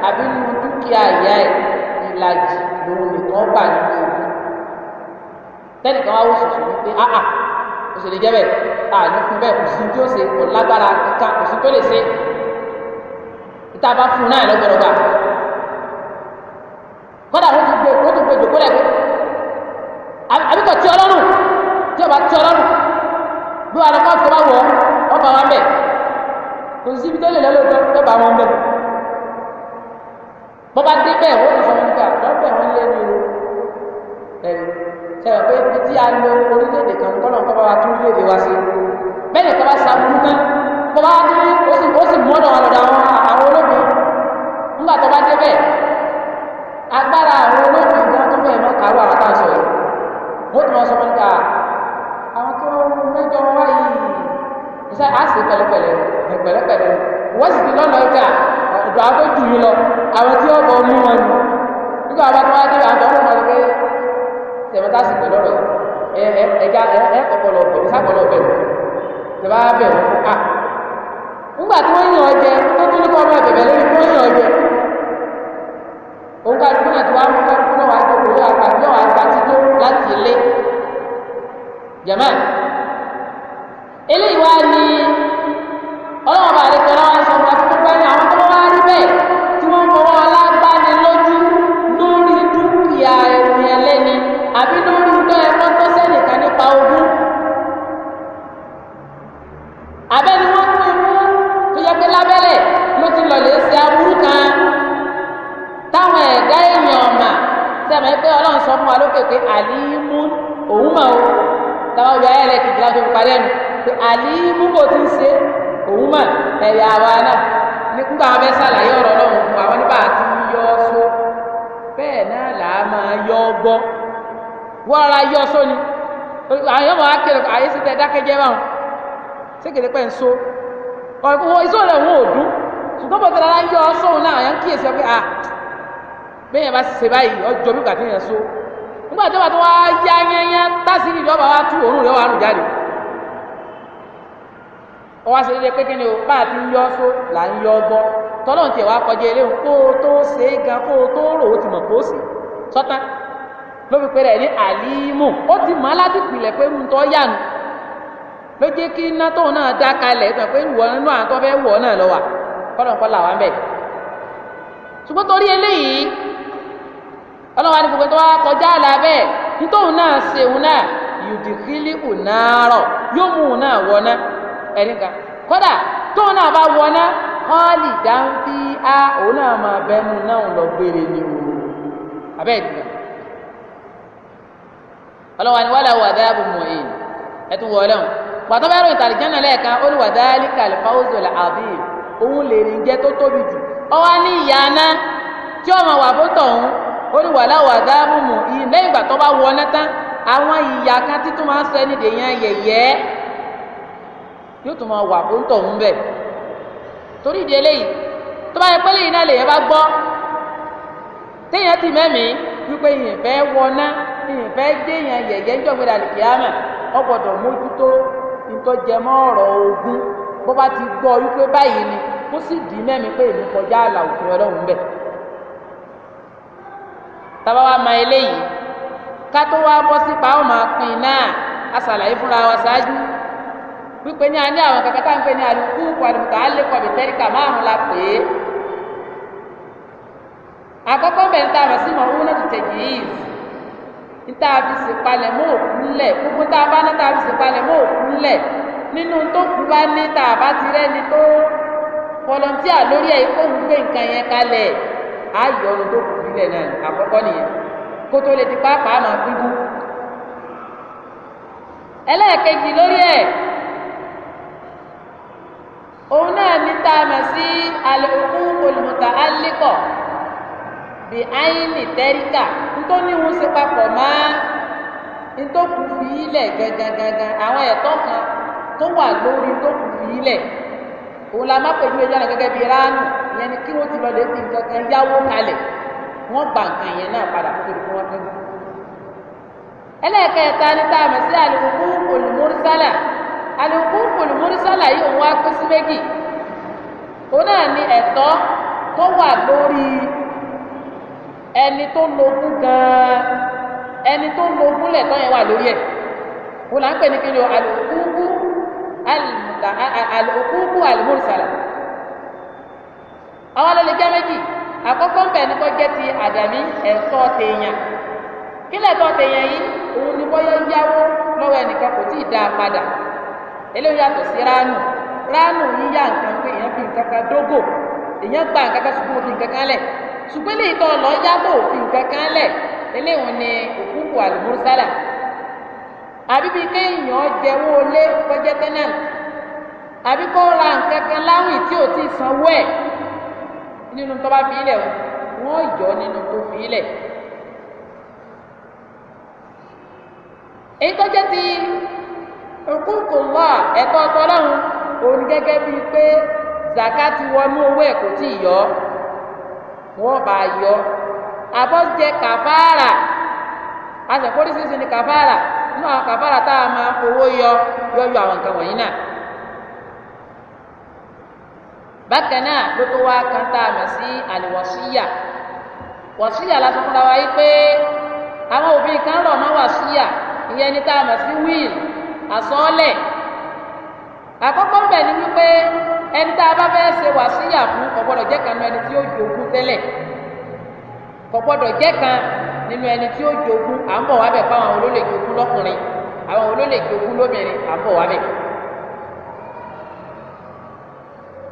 àbí nínú dúkìá ìyá ẹ̀ ìlàjì lòun nìkan gbà nínú ogun tẹ́nìkan wá wò sùsù wípé áà òṣèlè jẹ́ bẹ́ẹ̀ àníkún bẹ́ẹ̀ kò sí tí ó ṣe kò lágbára kíkà kò sí tó lè ṣe ìta bá fún un náà lọ́gbọ̀dọ̀ gbà kọ́dà wọ́n ti gbé wọ́n ti gbé jòkó lẹ́gbẹ́ àbíkọ̀ tí ọlọ́run tí ọba tí ọlọ́run bí wàá lọ́kọ́ tó bá wọ̀ ọ́ wọ́n bá wọn bẹ̀ kò sí ibi tó lè lọ́lọ́tọ́ tó bá wọn bẹ̀ bọ́ bá dé bẹ́ẹ̀ wọ́n lè sọ wọn gbà lọ́ bẹ̀ wọ́n lé ní o ẹ̀rí sẹ́wọ̀n pé ibi tí a lo orílẹ̀-èdè kan kọ́ lọ́nkọ́ bá wa tún lè lè wá sí bẹ́ẹ̀ nìkan bá sàbùrù náà bọ́ bá dé ó sì mọ́dọ̀ wọn lọ́dọ̀ àwọn àwọn olóògbé nígbà tó bá dé bẹ́ẹ̀ agbára àwọn olóògbé gan tó fẹ́ẹ̀ mọ́ kàrú àwọn táwọn sọ wọ́n tún wọn sọ wọn gbà àwọn tó mẹ́jọ wáyé sẹ a sì pẹ̀lẹ́pẹ̀lẹ́ ẹ pẹ̀lẹ́pẹ̀lẹ́ wọ́n sì ti lọ́nà ọjà ọ̀dọ̀ àtọ́ jù yín lọ àwọn tí ọ̀bọ̀ mú wọn ni nígbà wọn bá dé àwọn ọmọ wọn pé tẹ̀mẹ́tà sì pẹ̀lú ọ̀rọ̀ ẹ ẹ ẹja ẹ ọpọlọ ọbẹ̀ sápọlọ ọbẹ̀ tẹ̀mẹ́tà bẹ̀ wọ́n a nígbà tí wọ́n yàn ọjẹ tó tún nípa ọmọ ìbẹ̀bẹ̀ lórí tí wọ́n yàn ọjẹ òun ká dúró náà tí wọ́n á mú kọ́ kó náà wá jókòó eléyìí wá ní ọlọ́wọ́ bá rí pẹ̀lú àwọn ìṣòro àti pípẹ́ ní àwọn tó wá rí bẹ́ẹ̀ tí wọ́n fọwọ́ lágbáni lójú lórí dúkìá ẹ̀rùn ẹlẹ́ni àbí lórí tó ẹ̀kọ́ tó sẹ́nìkan nípa ogún. abẹ́ni wọ́n pè mú tó yẹ pé lábẹ́lẹ̀ ló ti lọ lè ṣe aburú kan táwọn ẹ̀dá èèyàn ọ̀mà sẹ́mi pé ọlọ́run sọ fún wa lókè pé àlímú òun mọ̀ o táwọn ọ̀gbìn ayẹlẹ́ kìkìlá tó fi parí ẹnu pé àlímú kò ti ń ṣe òun mà ẹ̀yà àwa náà nígbà wọn fẹ́ ṣàlàyé ọ̀rọ̀ ọlọ́run fún wa wọn nígbà tí ń yọ ọ́ só bẹ́ẹ̀ náà là á máa yọ ọ́ gbọ́ wọ́n ara yọ ọ́ só ni àwọn yọmọ wa kéré àyè sí tẹ dákẹ́jẹ́ báwọn ṣé kéré pẹ́ ń so ọ̀rọ̀ ìṣó rẹ̀ wọn ò dún ṣùgbọ́n bọ̀ tẹ̀lé yọ ọ́ sóun náà àyàn kíyèsí pé à ah, bẹ́ẹ̀ bá ṣe báyìí ọjọ́ bí gbàtẹ́yàn so nígbà tó wà tó wá yá yányá tásìrì ìjọba wa tú òórùn rẹ̀ wà nù jáde. ó wá ṣe déédéé pé kí ni o bá a ti ń yọ là ń yọ wá kọjá kó o tó ṣe é gan kó o tó rò ó ti mọ̀ kó o sì sọ́tán ló fi pẹ́rẹ́ ní àlímù ó ti mọ̀ pé ń tọ́ yà ló jẹ́ kí iná tóun náà dá kalẹ̀ pé wà bẹ̀. ṣùgbọ́n torí eléyìí ọlọ́wà ní gbogbo tó wá kọjá ẹnìkan kódà tóun náà bá wọná họ́ọ̀lì dáńfí á òun náà máa bẹnu náà lọ gbére ni o abẹ́ ìdìbò ọlọ́wà ni wàhálà wà dáàbò mọ̀ èyí ẹtù wọlé wọn pàtó bá rò ìtàlìjánà lẹ́ẹ̀kan olùwàdáálì kàlífàwùzọ̀lá àbí òun lè rìn jẹ́ tó tóbi jù ọwọ́ ní ìyá aná tí ọmọ wà fún tọ̀hún olùwàlá wà dáàbò mọ̀ lẹ́yìn ìgbà tó bá wọlé tán àwọn ìyá kan títún máa ń sọ ẹni dèèyàn yẹ̀yẹ́ yóò tún máa wà kó ń tọ̀ ń bẹ̀ torí ìdí eléyìí tó bá yẹ pé lẹ́yìn náà lèyẹn bá gbọ́ téèyàn ti mẹ́mìí wípé ìyẹn fẹ́ wọná ìyẹn fẹ́ déèyàn yẹ̀yẹ́ jọ̀gbẹ́dà lè kíámà ó gbọ́dọ̀ mójútó ìtọ́jẹmọ́ ọ̀rọ̀ ogun bó bá ti gbọ́ wípé báyìí ni kó sì dì mẹ́mìí pé èmi kọjá àlà òfin ọlọ́run bẹ̀ tábà wá ma eléyìí ká tó wá bọ́ sípa ó máa pin náà a ṣàlàyé fúnra wa ṣáájú wípé ní a ní àwọn kankan tá à ń pè ní alùpùpù alùpùpù alẹ́kọ̀ọ́ bìtẹ́ríkà márùn la pè é àkọ́kọ́ bẹ̀rẹ̀ tá a mọ̀ sí mọ̀ owó náà tètè yìí níta fi sèpalẹ̀ mọ́ òkú ńlẹ̀ gbogbo tá a bá ní ta fi sèpalẹ̀ mọ́ òkú ńlẹ̀ nínú tó kú bá ní tá a bá ti rẹ́ni tó fọlọ́ntíà lórí ẹ̀ kó ń gbé nǹkan yẹn kalẹ̀ á yọ tó kù sílẹ̀ náà àkọ́kọ́ nìyẹn kó tó lè ti pàápàá máa bíbú ẹlẹ́ẹ̀kejì lórí ẹ̀ òun náà ní tá a mọ̀ sí àlòkù olùmọ̀tà alẹ́kọ̀ bí àyìnì tẹ́ríkà ntó ní wọn ṣe papọ̀ mọ́ ntó kù gangan àwọn ẹ̀tọ́ kan tó wà lórí tó kù òun la má pẹ̀lú ẹja náà gẹ́gẹ́ bí ránù ìyẹn ni kí wọ́n ti lọ lè fi nǹkan kan yáwó kalẹ̀ wọ́n gba nǹkan yẹn náà padà kó tóbi wọ́n ní tá a mọ̀ sí alukukul murisala yìí òun wá pín sí méjì òun náà ni ẹ̀tọ́ tó wà lórí ẹni tó lógún gan-an ẹni tó yẹn wà lórí ẹ̀ òun là ń pè ní kí ni o alukukul alukukul àwọn jẹ́ méjì àkọ́kọ́ ń bẹ̀ ní jẹ́ ti àdàmí ẹ̀tọ́ tèèyàn eléyìí yàtọ̀ sí ránù ránù yíyá nǹkan pé èèyàn fi nǹkan kan dógò èèyàn gba nǹkan kan ṣùgbọ́n ó fi nǹkan kan lẹ̀ ṣùgbọ́n eléyìí tó lọ yá tó fi nǹkan kan lẹ̀ eléyìí ni òkúkú àlùmọ́sálà àbí bíi kéèyàn jẹ́wọ́ lé kọjá tẹ́nẹ̀tì àbí kó ra nǹkan kan láwìn tí ò ti sanwó ẹ̀ nínú tó bá fi ilẹ̀ wọ́n yọ nínú tó fi ilẹ̀. èyí tó jẹ́ ti òkúkù lọ ẹ̀kọ́ ọtọlọ́run òun gẹ́gẹ́ bíi pé zaka ti wọnú owó ẹ̀ kò tí ì yọ wọ́n bá yọ àbọ̀ jẹ kàfàrà àṣẹ̀kọ́ oríṣiríṣi ni kàfàrà nínú àwọn kàfàrà tá a máa fowó yọ yọ yọ àwọn nǹkan àsọ́ọ́lẹ̀ àkọ́kọ́ ń bẹ̀ ni wípé ẹni tá a bá fẹ́ ṣe wà síyà fún jẹ́ kan nínú ẹni tí ó jogún tẹ́lẹ̀ jẹ́ kan nínú ẹni tí ó jogún à ń bọ̀ wá bẹ̀ fáwọn olólè jogún lọ́kùnrin àwọn jogún à ń bọ̀ wá bẹ̀.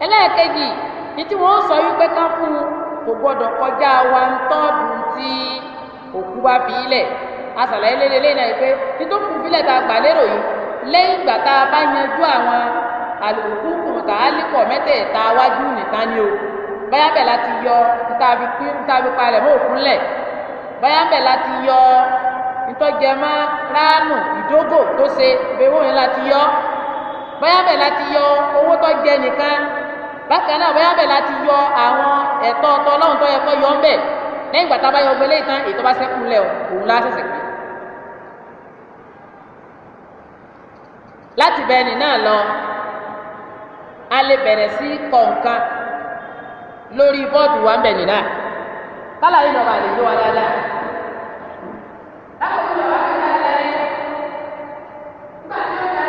ẹlẹ́ẹ̀kejì kọjá wa ń tọ́ọ̀dù tí òkú fi ilẹ̀ asàlàyé lélẹ́lẹ́ náà yìí pé nítorí tá lẹ́yìn ìgbà tá a bá yanjú àwọn àlòkùnkùn tá a lè mẹ́tẹ̀ẹ̀ta wájú nìkan ni o báyà bẹ̀ láti yọ ntàbí pín ntàbí palẹ̀ mọ́ òkun lẹ̀ báyà bẹ̀ láti yọ ntọ́jẹmọ́ ránù ìdógò tó ṣe ìbẹ̀wò yẹn láti yọ báyà bẹ̀ láti yọ owó tó jẹ nìkan bákan náà báyà bẹ̀ láti yọ àwọn ẹ̀tọ́ ọ̀tọ̀ ọlọ́run tó yẹ kó yọ ọ́ bẹ̀ lẹ́yìn ìgbà tá a bá yọ gbẹlẹ́ ìtàn láti bẹ ẹni náà lọ a lè bẹ̀rẹ̀ sí kọ̀ọ̀kan lórí bọ́ọ̀dù wa ń bẹ̀ nínà kálá yìí lọ́ba lè yé wa dáadáa. lákòókò lọ́wọ́ àti ìlànà yẹn nígbà tí ó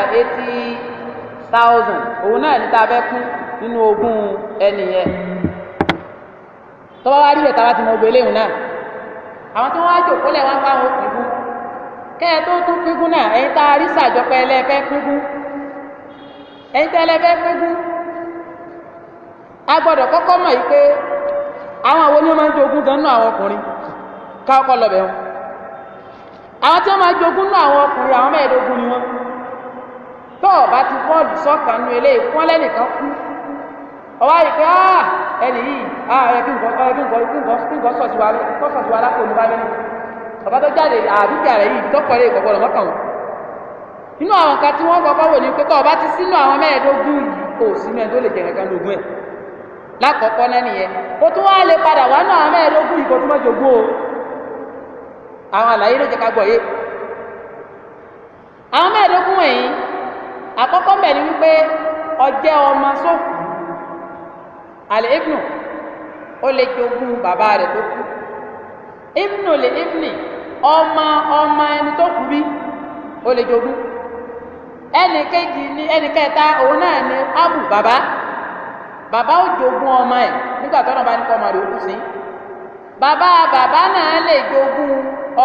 and eighty thousand òun náà ní tá a nínú ogún tọ́wọ́ wá rí ẹ̀ta wá ti mọ gbélé òun náà àwọn tí wọ́n á jòkó lẹ̀ wá ń fáwọn òkùnkùn kẹ́ ẹ tó tún pínpín náà ẹ̀yin tá a rí sàjọpẹ́ ẹlẹ́fẹ́ ẹ̀yin a gbọ́dọ̀ kọ́kọ́ mọ̀ yìí pé àwọn àwọn ń jogún gan àwọn ọkùnrin káwọ́kọ́ lọ bẹ̀ tó ọba ti bọ́ọ̀lù sọ́kàn nu eléyìí kún lẹ́nìkan kú ọwọ́ yìí pé ah ẹnì yìí ah ẹ kí nǹkan ẹ kí nǹkan kí nǹkan kí nǹkan sọ̀tì wa kọ́ sọ̀tì wa lápò ní báyìí ọba tó jáde àdúgbò rẹ̀ yìí tọ́pọ̀ rẹ̀ ìkọ̀kọ̀ lọ́mọ́ kàn wọ́n inú àwọn kan tí wọ́n kọ́kọ́ wò ní pé tó ọba ti sínú àwọn mẹ́ẹ̀ẹ́dógún yìí kò sínú ẹ̀ tó lè jẹ̀rẹ̀ kan lógún ẹ̀ lákọ̀ọ́kọ́ náà nìyẹn kó tún wá lè padà wá náà àwọn mẹ́ẹ̀ẹ́dógún yìí kó tún jogún o àwọn àlàyé ló jẹ́ ká gbọ́ yé jẹ́ ọmọ sókù àlè ibnu ó lè jogún bàbá rẹ̀ tó kú lè ibni ọmọ ọmọ ẹni tó kú bí ó lè jogún ẹnì kejì ẹnì kẹta òun náà abu bàbá bàbá ó jogún ọmọ ẹ nígbà tó bá ní kọ́ ọmọ rẹ̀ sí bàbá bàbá náà lè jogún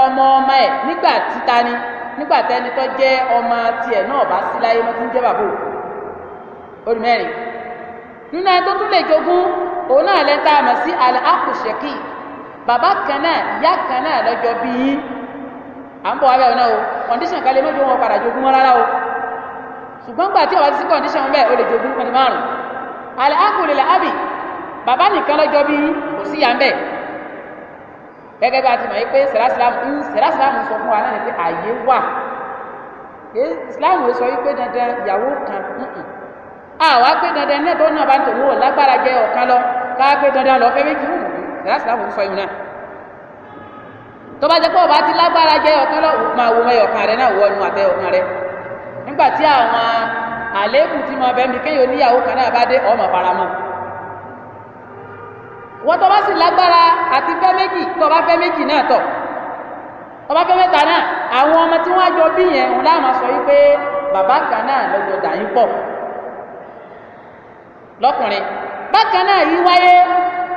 ọmọ ẹ ni nígbà tẹni tó ọmọ náà bá sí láyé ti ń orí mẹ́rin nínú ẹni tó tún lè jogún òun náà lẹ́ta mọ̀ sí àlẹ́ àkùṣẹ́kì bàbá kan náà ìyá kan náà lọ́jọ́ bí yín à ń bọ̀ wá bẹ́ẹ̀ náà o kọ̀ǹdíṣàn kan mọ́jú wọn padà jogún wọn rárá o ṣùgbọ́n gbà tí ọ̀wá ti sí kọ̀ǹdíṣàn bẹ́ẹ̀ o lè jogún wọn ní márùn àlẹ́ àkùlẹ̀ àbì bàbá nìkan lọ́jọ́ bí yín kò sí ìyá ń bẹ́ẹ̀ gẹ́gẹ́ bá ti mọ̀ yí pé sẹ̀rásìlámù sọ fún wa náà ni pé àyè wà islam ò sọ yí pé dandan ìyàwó kan àwa pé dandan náà tó náà bá tòun wò lágbára jẹ ọ̀kan lọ ká pé dandan lọ fẹ́ méjì wù láti láwùjọ fọ ìmúná tó bá jẹ pé ọba ti lágbára jẹ ọ̀kan lọ máa wo ẹyọkan rẹ náà wọ ẹnu àtẹ rẹ nígbà tí àwọn àléébù dé ọmọ tó bá sì lọ́kùnrin bákan náà yìí wáyé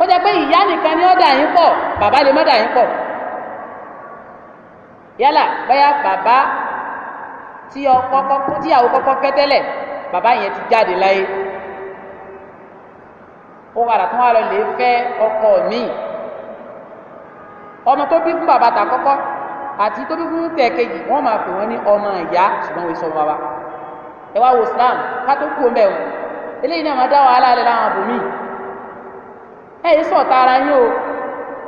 ó jẹ́ pé ìyá nìkan ni ó dà yín pọ̀ bàbá lè má dà yín pọ̀ yálà bóyá bàbá tíyàwó kọ́kọ́ fẹ́ tẹ́lẹ̀ bàbá yẹn ti jáde láyé ó padà tún wá lọ lè fẹ́ ọkọ míì ọmọ tó bí fún bàbá tà kọ́kọ́ àti tó bí fún tẹ̀ kejì wọ́n máa pè wọ́n ní ọmọ ìyá ṣùgbọ́n wọ́n sọ bàbá ẹ wá wo Islam ká tó kú ọmọ ẹ̀wọ̀n eléyìí náà máa dá wàhálà lẹ láwọn àbòmí ẹ yìí sọ̀tà ara yín o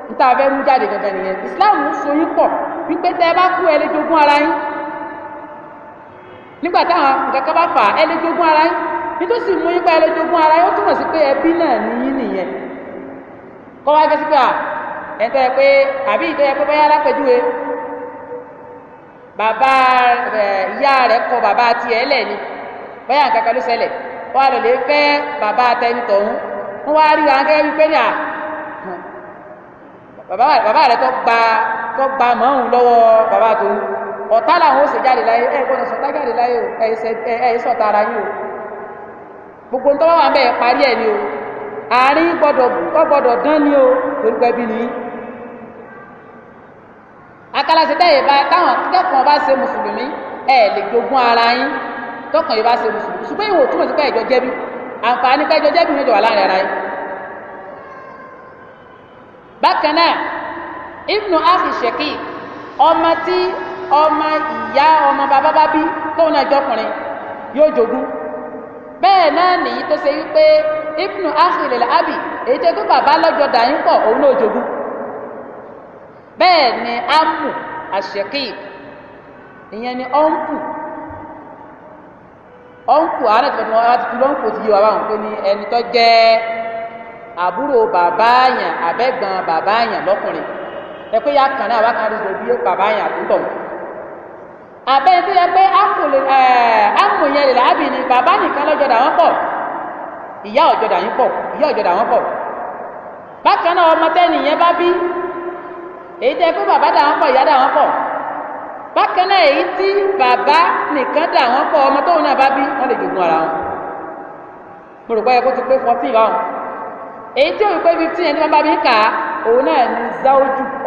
níta fẹ́ mú jáde gangan nìyẹn Islam ń so yín pọ̀ wípé tẹ́ ẹ bá kú ẹ lè jogún ara yín nígbà táwọn nǹkan kan bá fà ẹ lè jogún ara yín nítòsí mú yín pa ẹ lè jogún ara yín ó túmọ̀ sí pé ẹbí náà ní nìyẹn kọ́ wá gẹ́sí pé à ẹ̀ tọ́ pé àbí ìtọ́ pé báyà lápẹ́júwe bàbá ìyá rẹ̀ kọ bàbá tiẹ̀ lẹ̀ ni báyà nǹkan kan ló ṣẹlẹ̀ wọ́n lọ lè fẹ́ bàbá atẹnitọ̀ ń wọ́n wá rí wọn gẹ́gẹ́ bí pé ní à hmm, bàbá rẹ̀ tó gba tó gba mọ́hún lọ́wọ́ bàbá tó ń ọ̀tá làwọn ó sì jáde láyé ẹ̀ gbọ́dọ̀ sọ̀tá jáde láyé o ẹ̀ sọ̀tá ara yín o gbogbo ntọ́ wà bẹ́ẹ̀ parí ẹ̀ ni o àárín gbọ́dọ̀ dán ni o lórúkọ ẹbí nìyí akálàsí táwọn akẹ́kọ̀ọ́ bá ṣe mùsùlùmí ẹ̀ lè jogún ara yín. tọkàn yìí bá ṣe mùsùlùmí ṣùgbọ́n ìwò wo sí pé ẹ̀jọ́ jẹ́bi àǹfààní pé ẹ̀jọ́ jẹ́bi méjì wà láàrin ara yìí. bákan náà ibnu afi sheki ọmọ tí ọmọ ìyá ọmọ bababa bi bí tóun náà jọkùnrin bẹ́ẹ̀ náà ibnu èyí tó kó òun ni amu ìyẹn ọ̀nkù àárẹ̀ tí wọ́n ti lọ́n kò ti yé wa báwọn pé ní ẹni tó jẹ́ àbúrò bàbá àyàn abẹ́gbọ̀n bàbá àyàn lọ́kùnrin ẹ pé yá kàn náà wákàtí àdúgbò bí bàbá àyàn àtúntọ̀ abẹ́ni tó yẹ pé amòyẹn lè lábì ni bàbá nìkan lọ́jọ́ dà wọ́n pọ̀ ìyá ọ̀jọ́ yín pọ̀ ìyá ọ̀jọ́ wọ́n pọ̀ bákan náà ọmọ tẹ́nìyẹn bá bí èyí tẹ́ pé bàbá dà wọ́n pọ̀ ìyá dà wọ́n pọ̀ bákan náà èyí tí bàbá nìkan dà wọ́n pọ̀ ọmọ tóun náà bá bí wọ́n lè ara wọn mo rò pé kó ti pé fourteen báwọn èyí tí òun pé fifteen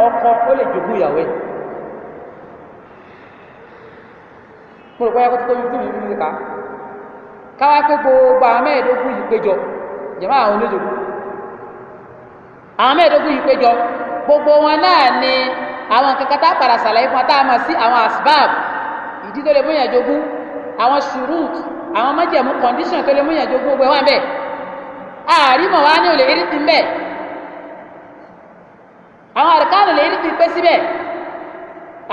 ọkọ ó lè jogún ìyàwó ẹ̀ mo rò kó ti pé fifteen káwá pé gbogbo àwọn mẹ́ẹ̀ẹ́dógún yìí péjọ jẹ̀mọ́ àwọn gbogbo wọn náà àwọn kankan tá a padà ṣàlàyé fún wa tá a mọ̀ sí àwọn asbab ìdí tó lè múyàn jogún àwọn shurut àwọn májẹ̀mú condition tó lè múyàn jogún gbogbo ẹ̀ wà bẹ́ẹ̀ àrímọ̀ wa ní olè eré ti ń bẹ́ẹ̀ àwọn àríkánù lè eré ti pé síbẹ̀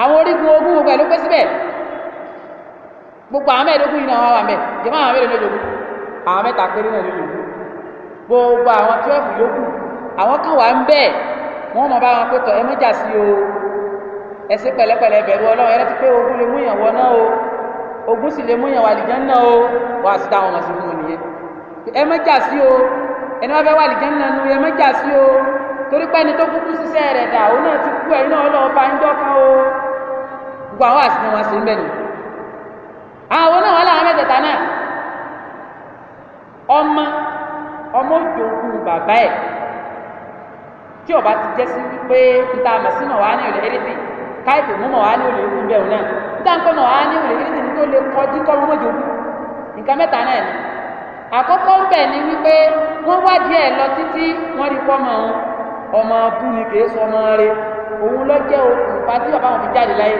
àwọn orígun ogún gbogbo ẹ̀ ló pé síbẹ̀ gbogbo àwọn mẹ́ẹ̀ẹ́dógún yìí náà wà wà mẹ́ẹ̀ jẹ́mọ́ àwọn mẹ́ẹ̀ẹ́dógún lójoojú àwọn mẹ́ta péré náà lójoojú gbogbo àwọn twelve yòókù àwọn kan wà ń bẹ́ẹ̀ wọ́n mọ̀ bá wọn pé tọ̀ ẹ mọ́jà sí o ẹ ṣe pẹ̀lẹ́pẹ̀lẹ́ bẹ̀rù ẹrẹ ti pé ogun lè múyàn o ogun sì lè múyàn wà lìjẹ o wàá sì táwọn ọmọ sí fún un ẹ jà sí o ẹni wàá fẹ́ wà lìjẹ náà nu ẹ jà sí o torí pé ẹni tó kúkú ṣiṣẹ́ rẹ̀ dà òun náà ti kú ẹ̀yin náà lọ́wọ́ bá ń o gbogbo àwọn àṣìṣe wọn sì ń nù àwọn náà wọn làwọn náà ọmọ ọmọ bàbá káyọ̀pẹ̀ mú mọ̀ wá ní olè ikú bẹ́ẹ̀ náà níta ń pẹ́ mọ̀ wá ní olè kí ni tó lè kọjú kọ́ ọmọ mọ́jọ kú nǹkan mẹ́ta náà ni àkọ́kọ́ ń bẹ̀ ni wípé wọ́n wá díẹ̀ lọ títí wọ́n rí pọ́ mọ́ wọn ọmọ abú ni kì í sọ ọmọ rẹ òun lọ jẹ́ òkùnfà tí bàbá wọn fi jáde láyé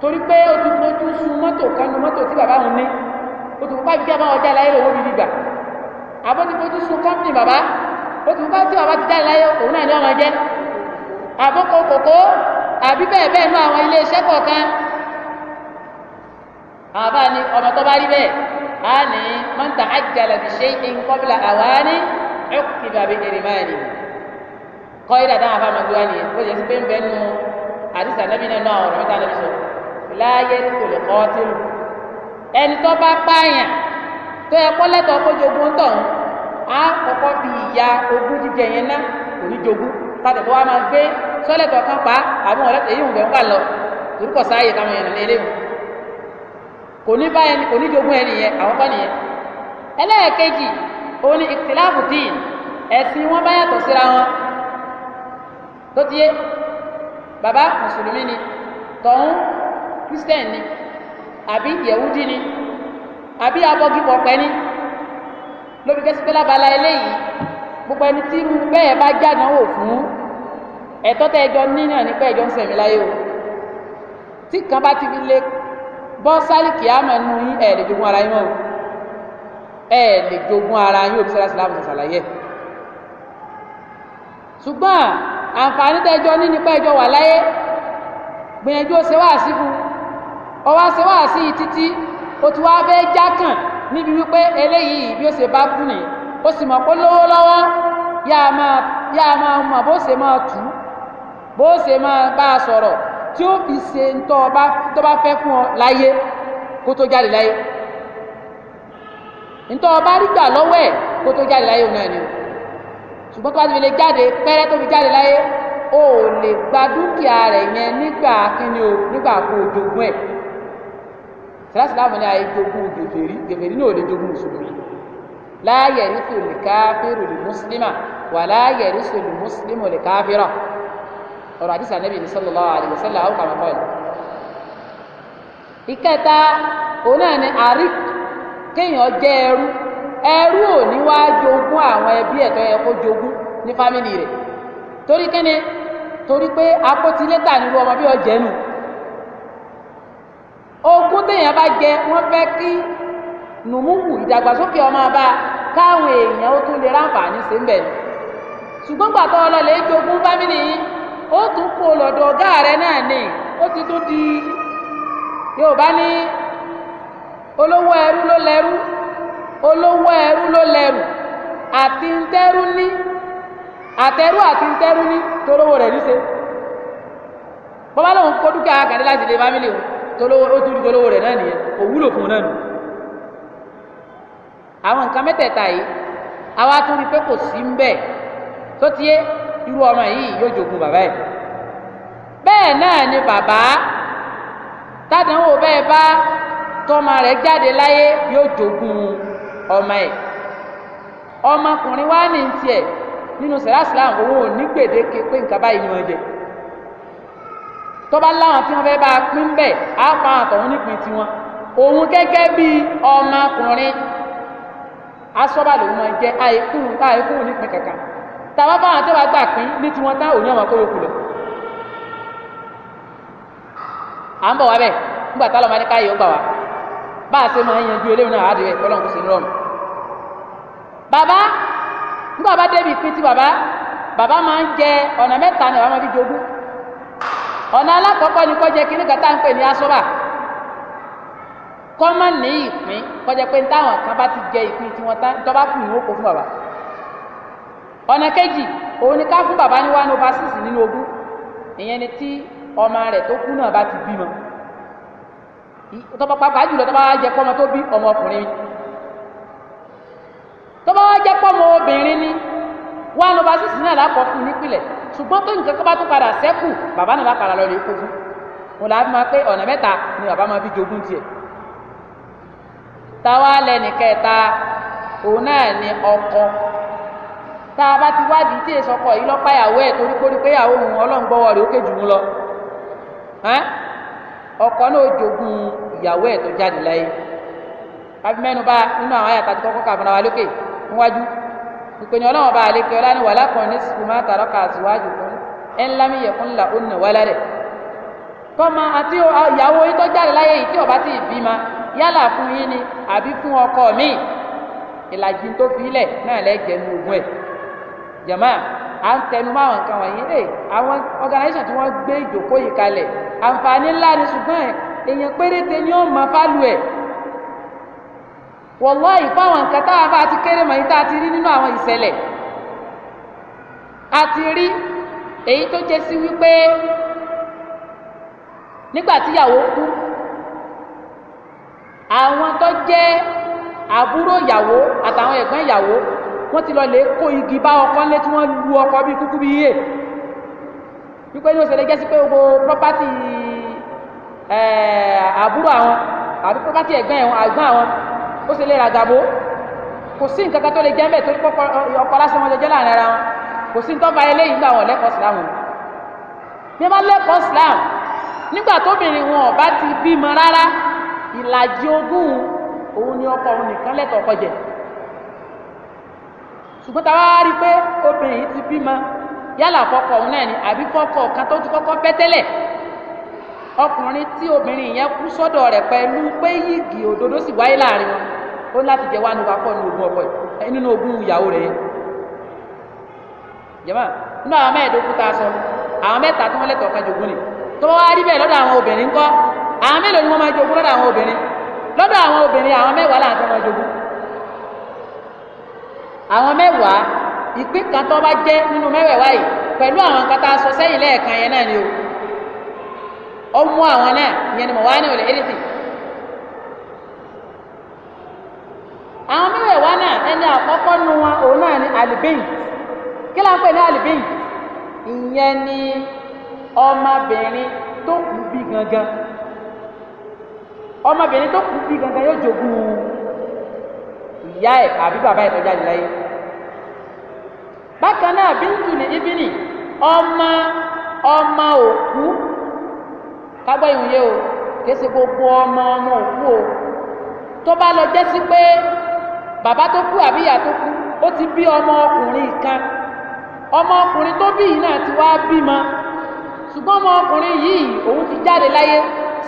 torí pé ó ti fojú sun mọ́tò kan nu mọ́tò tí bàbá wọn ní ó ti fipá bí bàbá wọn jáde láyé lòun fi dìgbà àbó ti fojú sun kọ́mpìnì bàbá ó ti fipá tí bàbá ti jáde láyé òun náà ní ọmọ jẹ́ àbó kòkòkò àbí bẹ́ẹ̀ bẹ́ẹ̀ nú àwọn iléeṣẹ́ kọ̀ọ̀kan àbá ni ọmọ tó bá rí bẹ́ẹ̀ á ní man ta'ajjala bi shay'in qabla awani uqiba bi irmani kọ́ ìdá dáhùn àbá máa gbéwá nìyẹn ó yẹ sí pé ń bẹ́ẹ̀ nu àdìsá nàbí náà náà ọ̀rọ̀ mẹ́ta nàbí sọ láyé kò lè kọ́ tìlù tàdé tó wá máa gbé sọ́lẹ̀tọ̀ kan pa àbí wọn lẹ́tọ̀ èyí ń bẹ̀ ń bà lọ torúkọ̀ sáàyè táwọn èèyàn lé léwu kò ní bá ẹni kò ní jogún ẹni yẹn àwọn kọ́ nìyẹn ẹlẹ́ẹ̀kejì òun ni ìtìláàfù dín ẹ̀sìn wọn bá yàtọ̀ síra wọn tó ti yé bàbá mùsùlùmí ni tọ̀hún kristian ni àbí yẹ̀wúdí ni àbí abọ́gibọ̀pẹ́ ni lóbi kẹ́sìkẹ́lá bala eléyìí gbogbo ẹni tí irú bẹ́ẹ̀ bá jádánwò fún ẹ̀tọ́ tẹ́ ẹjọ́ ní náà nípa ẹjọ́ ń sẹ̀mí láyé o tí kan bá ti fi lé bọ́ sálìkì àmọ́ nu yín ẹ̀ lè jogún ara yín mọ́ ẹ̀ lè jogún ara yín òbí sẹ́lá sílámù sàlàyé ṣùgbọ́n àǹfààní tẹ́jọ́ ní nípa ẹjọ́ wà láyé gbìyànjú ó ṣe wá sí fún ọ wá ṣe wá sí títí ó ti wá fẹ́ jákàn níbi wípé eléyìí bí ó ṣe bá kú nìyí ó sì mọ̀ pé lówó lọ́wọ́ yá a máa yá a máa mọ̀ bó ṣe máa tù ú bó ṣe máa bá a sọ̀rọ̀ tí ó fi ṣe ń tọ́ ọba tó bá fẹ́ fún ọ láyé kó tó jáde láyé ntọ́ ọba rí gbà lọ́wọ́ ẹ̀ kó tó jáde láyé òun náà o ṣùgbọ́n tó bá ti fi lè jáde pẹ́rẹ́ tó fi jáde láyé o ò lè gba dúkìá rẹ̀ yẹn nígbà kíni o nígbà kó o jogún ẹ̀ sàlásìláàmù ni àyè jogún gèfèrí gèfèrí náà ò jogún mùsùlùmí láàyè rísù lè káfíìrù lè wà láàyè rísù lè mùsùlùmù lè káfíìrà ọ̀rọ̀ àdìsá ní àwọn kàmá ni àrík kéèyàn jẹ́ ẹrú ẹrú ò ní wá jogún àwọn ẹbí ẹ̀ yẹ kó jogún ní fámìlì rẹ̀ torí kíni torí pé akótilétà nílùú ọmọ bí nù ogún téèyàn bá jẹ káwọn èèyàn ó tún lè ráǹfààní sí ń bẹ̀ ṣùgbọ́n gbàtọ́ ọlọ́lẹ̀ jogún fámìlì yìí ó tún kó lọ́dọ̀ ọ̀gá rẹ̀ náà ni ó ti tún di Yorùbá ní olówó ẹrú ló lẹ́rú olówó ẹrú ló lẹ́rú àti ntẹ́rú ní àtẹrú àti ntẹ́rú ní tolówó rẹ̀ ní ṣe bọ́bá lòun kó dúkìá kàdé láti lè fámìlì o tolówó ó tún di tolówó rẹ̀ náà nìyẹn òwúlò fún un náà nù àwọn nǹkan mẹ́tẹ̀ẹ̀ta yìí àwa tún rí i pé kò sí ń bẹ̀ tó ti yé irú ọmọ yìí yóò jogun bàbá yìí bẹ́ẹ̀ náà ni bàbá tádánwò bẹ́ẹ̀ bá tọmọ rẹ̀ jáde láyé yóò jogun ọmọ ẹ̀ ọmọkùnrin wa ní tiẹ̀ nínú sàrásìláàmù owó òní gbèdéke pé nǹkan báyìí ni wọ́n jẹ tọ́ba láwọn tí wọ́n fẹ́ bá a pín bẹ́ẹ̀ á pa àtọ̀hún nípìn tiwọn òun gẹ́gẹ́ bíi ọmọkùnrin asọba lòun máa jẹ́ àìkúrú àìkúrú nípìn kankan tàwa báwọn tó bá gbà pín ní tiwọn tá a ṣe máa ń yanjú eléyìí náà ọlọ́run kò sí bàbá nígbà bá débi pín tí bàbá bàbá máa ń jẹ ọ̀nà mẹ́ta ni bàbá máa fi jogún ọ̀nà alákọ̀ọ́kọ́ ni jẹ tá à kọ́ má ní ìpín kọjá pé táwọn kan bá ti jẹ ìpín tiwọn tán tọ́ba kù ní oko fún bàbá ọ̀nà kejì òun ni ká fún bàbá ní one over six nínú ogún ìyẹn ni tí ọmọ rẹ̀ tó kú náà bá ti bímọ tọ́ba pàápàá jùlọ tọ́ba wá jẹ pọ́mọ tó bí ọmọ ọkùnrin ni tọ́ba wá jẹ pọ́mọ obìnrin ni one over six náà lápọ̀ fún nípìnlẹ̀ ṣùgbọ́n tó nǹkan kan bá tún padà sẹ́kù bàbá náà lápàdà lọ lè kó fún wọn làá fi máa pé ọ̀nà mẹ́ta ni bàbá máa fi jogún tiẹ̀ táwa lẹ́nì kẹta òun náà ni ọkọ tá a bá ti wádìí tí èso ọkọ yìí lọ́pàyàwó ẹ̀ torí kórí pé ìyàwó ohun ọlọ́run rẹ̀ ó kéjù lọ ọkọ náà jogún ìyàwó ẹ̀ tó jáde láyé nínú àwọn àyàtà tó kọ́kọ́ wa lókè níwájú ọlọ́wọ́n bá àlékè ọlá ní wàhálà kan ní sùkùmá tààrọ́ síwájú fún ó nà wálá rẹ̀ ọba ti ma. yálà fún yín ni àbí fún ọkọ mi ìlàjì tó fi ilẹ̀ náà lẹ́jẹ̀ nu ogun ẹ̀ jàmá à ń tẹnu máwọn nǹkan wọ̀nyí ẹ̀ àwọn organisation tí wọ́n gbé ìjókòó yìí kalẹ̀ àǹfààní ńlá ni ṣùgbọ́n èèyàn péréte ni ó mọ fálù ẹ̀ wọ̀lọ́ọ̀yì fáwọn nǹkan táwọn bá ti kéré mọ̀ yìí tá a ti rí nínú àwọn ìṣẹ̀lẹ̀ a ti rí èyí tó jẹ́ sí wípé nígbà tíyàwó kú àwọn tó jẹ́ àbúrò ìyàwó àtàwọn ẹ̀gbọ́n ìyàwó wọ́n ti lọ lè kó igi bá ọkọ lé tí wọ́n lu ọkọ bíi kúkú bíi yé wípé ní òṣèlè jẹ́ sí pé gbogbo property eh, àbúrò àwọn àbí property ẹ̀gbọ́n ẹ̀wọ̀n àgbọ̀n àwọn ó sì lè ràgàbó kò sí nǹkan kan tó lè jẹ́ mẹ́ẹ̀ tó ọkọ lásán wọn jẹjẹ́ láàrin ara wọn kò sí nǹkan bá eléyìí nígbà wọn lẹ́kọ̀ọ́ síláàmù ní wọn lẹ́kọ̀ọ́ síláàmù nígbà tóbìnrin wọn ò bá ti bímọ rárá ìlàjì ogún òun ni ọkọ òun nìkan lẹ́tọ̀ọ́ ọkọ jẹ ṣùgbọ́n tá a wá rí i pé obìnrin yìí ti bímọ yálà fọkọ òun náà ni àbí fọkọ kan tó ti kọ́kọ́ bẹ́ tẹ́lẹ̀ ọkùnrin tí obìnrin yẹn kú sọ́dọ̀ rẹ̀ pẹ̀lú pé yìgì òdodo sì wáyé láàrin wọn ó láti jẹ wá nùgbà pọ̀ nínú ogún ọkọ nínú ogún ìyàwó rẹ̀ yẹn nínú àwọn mẹ́ẹ̀ẹ́dógún tá a sọ àwọn mẹ́ta tí wọ́n lẹ́tọ̀ọ́ kan jogún ni tó wá rí bẹ́ẹ̀ lọ́dọ̀ àwọn obìnrin ńkọ́ àwọn mélòó ni wọ́n máa jogún lọ́dọ̀ àwọn obìnrin lọ́dọ̀ àwọn obìnrin àwọn mẹ́wàá làwọn máa jogún àwọn mẹ́wàá ìpín kan tó bá jẹ́ nínú mẹ́wẹ̀ẹ̀wá yìí pẹ̀lú àwọn kan tá a sọ sẹ́yìn lẹ́ẹ̀kan yẹn náà ni o ó mú àwọn náà ìyẹn ni mo wá ní olè édìtì àwọn mẹ́wẹ̀ẹ̀wá náà ẹni àkọ́kọ́ nu wọn òun náà ni alibin kí ló ń pè ní alibin ìyẹn ni ọmọbìnrin tó kù bí gangan ọmọbìnrin tó kù bí gangan yóò jogún ìyá ẹ̀ àbí bàbá ẹ̀ tó jáde láyé bákan náà bíntù ní ibini ọmọ ọmọ òkú kágbọ́ ìwúyé o kése gbogbo ọmọ ọmọ òkú o tó bá lọ jẹ́ sí pé bàbá tó kú àbí ìyá tó kú ó ti bí ọmọ ọkùnrin kan ọmọ ọkùnrin tó bí yìí náà ti wá bímọ ṣùgbọ́n ọmọ ọkùnrin yìí òun ti jáde láyé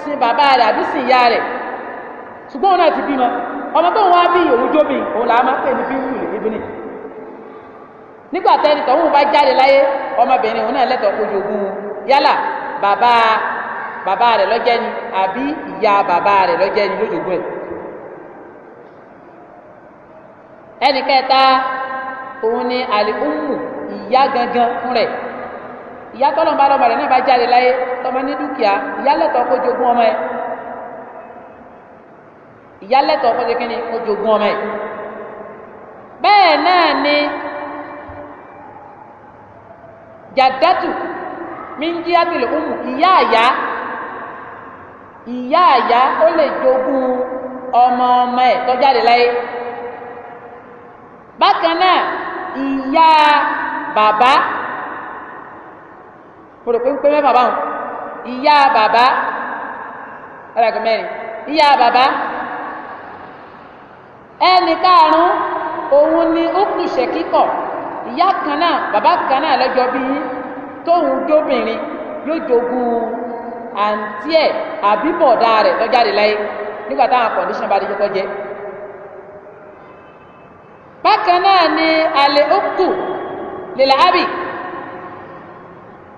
sin bàbá rẹ̀ àbí sin ìyá rẹ̀ ṣùgbọ́n òun náà ti bímọ ọmọ tó ń wá bí òun jóbi òun là á máa pè ní bíbù ìbíní nígbà tẹ́ni tọ́hún bá jáde láyé ọmọbìnrin òun náà lẹ́tọ̀ọ́ kojú ogun yálà bàbá bàbá rẹ̀ lọ́jẹ́ ni àbí ìyá bàbá rẹ̀ lọ́jẹ́ ni lójú ogun ẹ̀ ẹnì kẹta òun ni àlè ń mú ìyá gangan fún rẹ̀ ìyá tọ́lọ̀ bá lọ́mọ rẹ̀ náà bá jáde láyé tọmọ ní dúkìá ìyálẹ̀tọ̀ kó jogún ọmọ ẹ̀ ìyálẹ̀tọ̀ kó ṣe kíni kó jogún ọmọ ẹ̀ bẹ́ẹ̀ náà ni jàdátù minjiatil umu ìyá àyá ìyá àyá ó lè jogún ọmọ ọmọ ẹ̀ tó jáde mo rò pé ń pé mẹ́fà báwọn ìyá bàbá ọ̀làgò mẹ́rin ìyá bàbá ẹnì karùn-ún òun ni ó kù ṣẹ́ kíkọ̀ ìyá kan náà bàbá kan náà lọ́jọ́ bí tóun jóbìnrin yóò jogún àǹtí ẹ̀ àbí bọ̀dá rẹ̀ lọ́jáde láyé nígbà táwọn kọ̀ǹdíṣàn bá dé jẹ́ tọ́jẹ́ bákan náà ni àlè ó kù lè làábì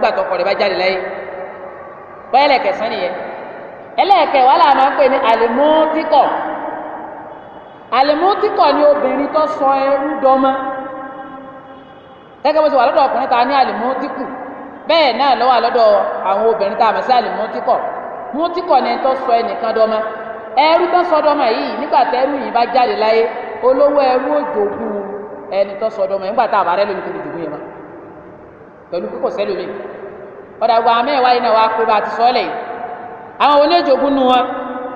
nígbà tọkọ rẹ̀ bá jáde láyé báyìí ẹlẹ́kẹ̀sán nìyẹn ẹlẹ́kẹ̀ wàhálà máa ń pè ní àlèmọ́tíkọ̀ àlèmọ́tíkọ̀ ni obìnrin tó sọ ẹrú dọ́mọ́ gẹ́gẹ́ bó ti wà lọ́dọ̀ ọkùnrin ta ní àlèmọ́tíkù ta sí ni tó sọ ẹnìkan ẹrú tó sọ yìí nígbà ẹrú yìí bá jáde láyé olówó ẹrú ẹni tó sọ pẹ̀lú púpọ̀ sẹ́lómi ọ̀dà gba mẹ́wàá yìí náà wàá pé bá a àwọn oníjogún nu wọn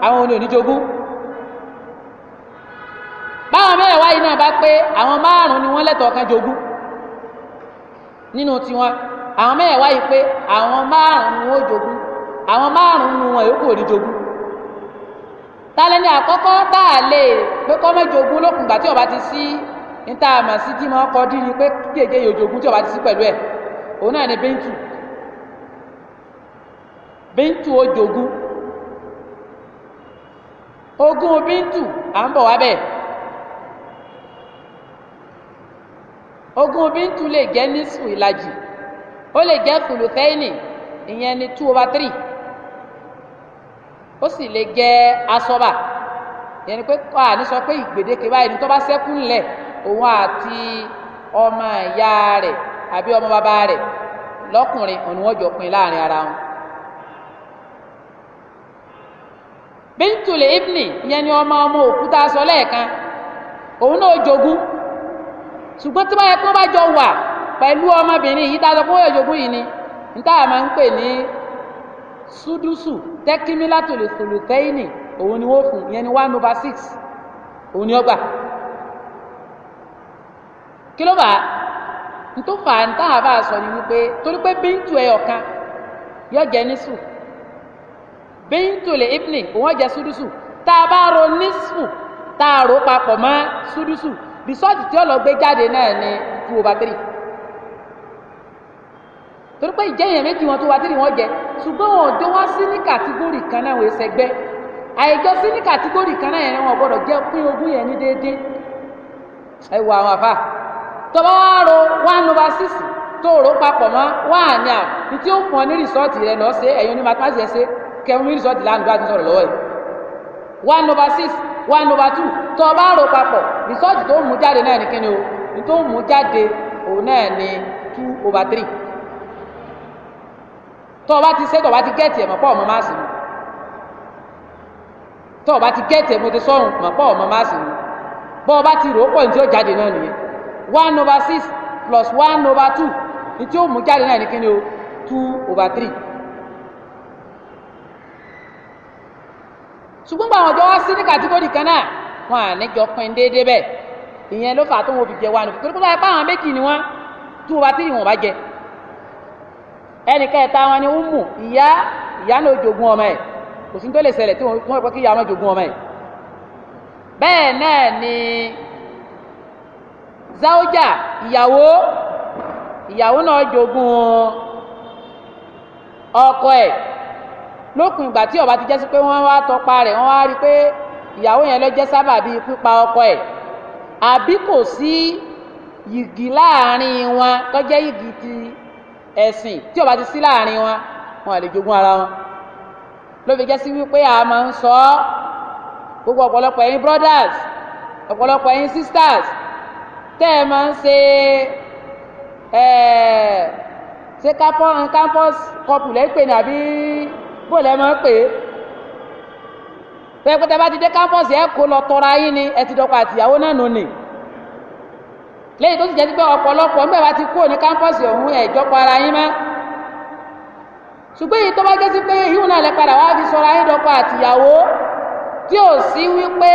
àwọn oníjogún báwọn mẹ́wàá yìí bá pé àwọn márùn ni wọ́n lẹ́tọ̀ọ́ kan jogún nínú tiwọn àwọn mẹ́wàá yìí pé àwọn márùn ni wọ́n jogún àwọn márùn-ún nu wọn yòókù oníjogún tálẹ́ ní àkọ́kọ́ tá a lè pé kọ́ mẹ́jogún lókùngbà tí ọba ti sí ní tá a mà sí tí mo kọ́ dín ni pé kéèké yòójogún tí ọba ti sí pẹ̀lú ẹ̀ òun náà ni bíntù bíntù ó jogún ogún bíntù à ń bọ̀ wá bẹ́ẹ̀ ogún bíntù lè jẹ́ nísù ìlàjì ó lè jẹ́ kùlùfẹ́ẹ̀nì ìyẹn ni two over three ó sì lè jẹ́ asọ́bà ìyẹn ni pé kọ́ àní sọ pé ìgbèdéke báyìí ni tó bá sẹ́kù ńlẹ̀ òun àti ọmọ ìyá rẹ̀ àbí ọmọ bàbá rẹ̀ lọ́kùnrin òun wọ́n jọ pin láàrin ara wọn. bíntùlẹ̀ ibni ìyẹn ọmọ ọmọ òkúta sọ lẹ́ẹ̀kan òun náà jogún ṣùgbọ́n tí wọ́n yẹ kí wọ́n bá jọ wà pẹ̀lú ọmọbìnrin yìí dájọ́ jogún yìí ni níta ń pè ntòfà ntàhà bá a sọ ni wípé torí pé bíntù ẹyọ kan yọ jẹ nísù bíntù lè ibni òun jẹ súdùsù tá a bá ro nísù tá a ro papọ̀ mọ́ súdùsù rìsọ́ọ̀tì tí ó lọ gbé jáde náà ni two over three torí pé ìjẹyìn méjì wọn tó wá tírì wọn jẹ ṣùgbọ́n wọn ò jọ wá sí ní kàtígórì kan náà wọn ṣẹgbẹ́ àìjọ sí ní kàtígórì kan náà yẹn wọn gbọ́dọ̀ jẹ́ pín ogún yẹn ní déédéé ẹ wo àwọn àfáà. t'ọba bá wá ro one over six tó rò papọ̀ mọ́ one à tí ó fún ọ ní rìsọ́ọ̀tì rẹ lọ́ọ́ ṣe ẹ̀yin onímọ̀tàmásì ẹ̀ ṣe kẹrin rìsọ́ọ̀tì lánàá bá ti sọ̀rọ̀ lọ́wọ́ yìí one o ní tó mú jáde òun náà ní two over three tó bá ti ṣe tó ti gẹ́ẹ̀tì ẹ̀ mọ̀ pọ̀ bá ti gẹ́ẹ̀tì ẹ̀ mo ti ti rò one over six plus one over two ní tí ó mú jáde náà ní kíni o two over three. ṣùgbọ́n gbàwọn ọjọ́ wá sí ní kàtígórì kan náà wọn à ní jọ pin déédéé bẹ́ẹ̀ ìyẹn ló fà á tó wọn fi jẹ one torí pé báwọn méjì ni wọn two over three wọn bá jẹ ẹnì kẹta wọn ni umu ìyá ìyá náà jogún ọmọ ẹ kò sí ní tó lè ṣẹlẹ̀ tí wọn rò pé kí ìyá wọn jogún ọmọ ẹ bẹ́ẹ̀ náà ni záwójà ìyàwó ìyàwó náà jogún ọkọ ẹ̀ lókun ìgbà tí ó bá ti jẹ́ sí pé wọ́n wá tọpa rẹ̀ wọ́n wá rí i pé ìyàwó yẹn ló jẹ́ sábàbí pípa ọkọ ẹ̀ àbí kò sí yìgì láàrin wọn tó yìgì ti ẹ̀sìn tí ó ti sí láàrin wọn wọn lè jogún ara wọn ló fi jẹ́ sí wípé a máa ń sọ gbogbo ọ̀pọ̀lọpọ̀ ẹ̀yin brothers ọ̀pọ̀lọpọ̀ ẹ̀yin sisters tẹ́ ẹ máa ń ṣe ṣe campus cup lẹ́pẹ́ ní àbí bó lẹ́ máa ń pè é pẹ́ẹ́pẹ́tẹ́ bá ti dé campus ẹ̀ kó lọ tọrọ ayé ni ẹ ti dọ́kọ̀ àtìyàwó náà nù ni lẹ́yìn tó ti jẹ́ pé ọ̀pọ̀lọpọ̀ nígbà bá ti kúrò ní campus ọ̀hún ẹ̀jọ̀pọ̀ ara yín mọ́ ṣùgbọ́n èyí tó bá jẹ́ sí pé ìhùn náà lẹ padà wá fi sọ̀rọ̀ ayé dọ́kọ̀ àtìyàwó tí ò sí wípé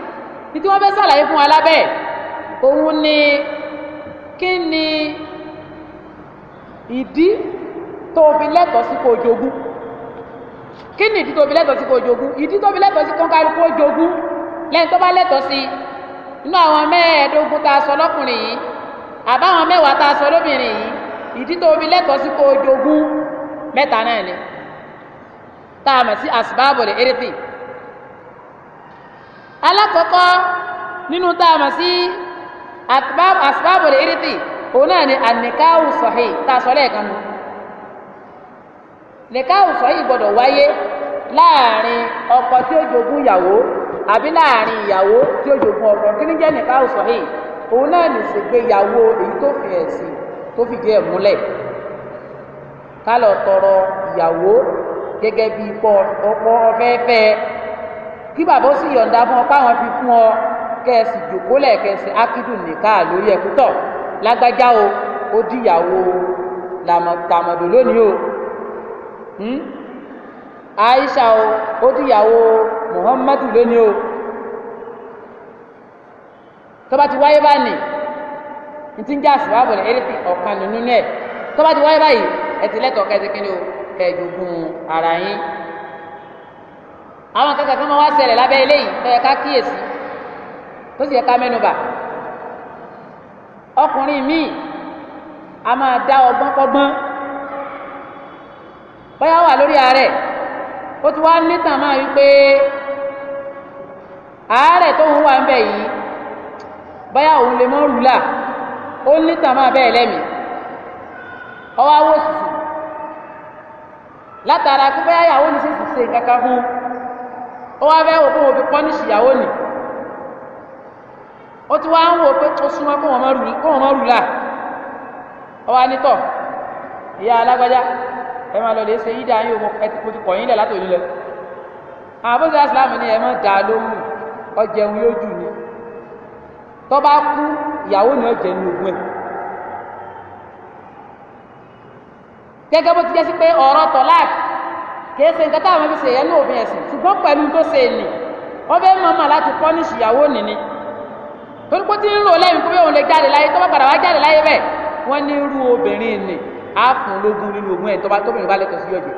ní tí wọ́n fẹ́ sàlàyé fún wa lábẹ́ òun ni kí ni ìdí tó fi lẹ́tọ̀ọ́ sí kó jogún kí ni ìdí tó fi lẹ́tọ̀ọ́ sí kó jogún ìdí tó fi lẹ́tọ̀ọ́ sí kọ́ńkálù kó jogún lẹ́yìn tó bá lẹ́tọ̀ọ́ sí inú àwọn mẹ́ẹ̀ẹ́dógún tá a sọ lọ́kùnrin yìí àbáwọn mẹ́wàá tá a sọ lóbìnrin yìí ìdí tó fi lẹ́tọ̀ọ́ sí kó jogún mẹ́ta náà ni tá a mọ̀ sí asibábọ̀lẹ̀ eréte alákọ̀ọ́kọ́ nínú tá a mọ̀ sí asbábòlè irítì òun náà ni àníkáwù sọ̀hí tá a sọ lẹ́ẹ̀kan nù níkáwù sọ̀hí gbọ́dọ̀ wáyé láàrin ọkọ tí ó jogún ìyàwó àbí láàrin ìyàwó tí ó jogún ọkọ kí ni jẹ́ níkáwù sọ̀hí òun náà ní ìṣègbéyàwó èyí tó fi ẹ̀sìn tó fi jẹ́ ìmúlẹ̀ kálọ̀ tọrọ ìyàwó gẹ́gẹ́ bí ọkọ ọfẹ́fẹ́ kí bàbá ó sì yọ̀ǹda fún ọ páwọn fi fún ọ kẹ́ẹ̀sì jòkó lẹ́ẹ̀kẹ́sì ákídùn nìka lórí ẹ̀kútọ̀ lágbájá o ó dìyàwó tàmọ̀dò lónìí o hmm? Aisha o ó dìyàwó Muhammadu lónìí o tọ́ba ti wáyé bá nì ní ti ń já àsìwábọ̀ lẹ́ ẹ̀rẹ́fì ọ̀kan nínú ẹ̀ tọ́ba ti wáyé báyìí ẹ̀ ti lẹ́tọ̀ọ́ kẹ́sìkínní o kẹ́ẹ̀jogún ara yín. àwọn kankan kan máa wá sẹlẹ̀ lábẹ́ eléyìí tó yẹ ká kíyèsí tó sì yẹ ká ọkùnrin míì a máa dá ọgbọ́n kọ́gbọ́n bóyá wà lórí ààrẹ ó ti wá nítàn máa wí pé ààrẹ tóun wà ń bẹ̀ yìí bóyá òun lè mọ́ rúlà ó nítàn máa bẹ́ẹ̀ ọwọ́ awó látara pípẹ́ àyàwó ní sísè kankan fún un. ó wá fẹ́ wò pé wò fi pọ́níṣì ìyàwó nì ó ti wá ń wò pé ó súnmọ́ kó wọ́n mọ́ rù là ó wá nítọ̀ ìyá alágbájá ẹ máa lọ lè ṣe yídà yín òun ẹ ti kò ti kọ̀ yín lẹ̀ látòlú lẹ àbúrò islam ni ẹ máa dà lóhùn ọjẹun yóò jù ni tó bá kú ìyàwó ni ọjẹ ni ògùn ẹ gẹ́gẹ́ bó ti jẹ́ sí pé ọ̀rọ̀ tọ̀láàkì kìí ṣe nǹkan táwọn fi ṣe yẹn ní òfin ẹ̀sìn ṣùgbọ́n pẹ̀lú tó ṣe nì wọ́n fẹ́ mọ̀ mọ̀ láti pọ́nìṣì ìyàwó nìní torí pé tí ń rò lẹ́yìn pé òun lè jáde láyé tó bá padà wá jáde láyé bẹ́ẹ̀ wọ́n ní irú obìnrin nì á fún lógún nínú ogún ẹ̀ tó bá tóbìnrin bá lẹ́tọ̀ọ́ sí yọ̀jọ̀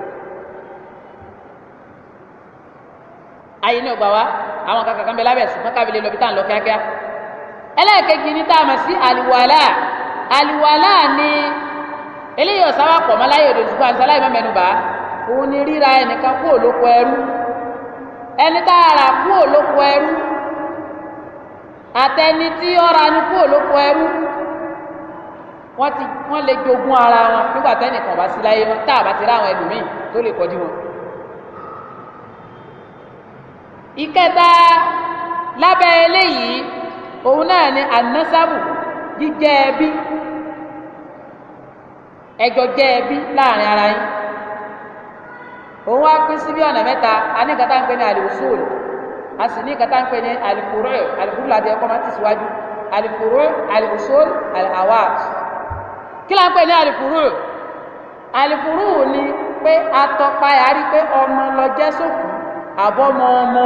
ayé ní ọgbà wa àwọn kankan kan bẹ lábẹ́ ṣùgbọ́n kábílẹ̀ lọ bí tá ń lọ kíákíá ẹlẹ́ẹ̀kejì ní tá a mọ̀ sí àlùwàlà àlùwàlà ni eléyìí ọ̀sán wa pọ̀ mọ́ láyé òde ṣùgbọ́n àṣà láì mọ́ mẹ́nu bàá òun ni ríra ẹnìkan kúrò lóko ẹrú ẹni tá a rà kúrò lóko ẹrú àtẹni tí ó ra ni kúrò lóko ẹrú wọn ti ara wọn nígbà kan bá sí wọn tá a bá ti rá àwọn ẹlòmíì tó lè kọjú wọn. ìkẹta lábẹ́ eléyìí òun náà ni ẹbí ẹbí láàrin ara òun wá pín sí bí ọ̀nà mẹ́ta a ní nǹkan tá ń pè ní al-usul a sì ní nǹkan ń pè ní al-furu' láti ẹ̀kọ́ máa ti síwájú al-furu' al kí la ń pè ní al-furu' ni pé atọ́payà rí pé ọmọ lọ jẹ́ sókù àbọ́mọ ọmọ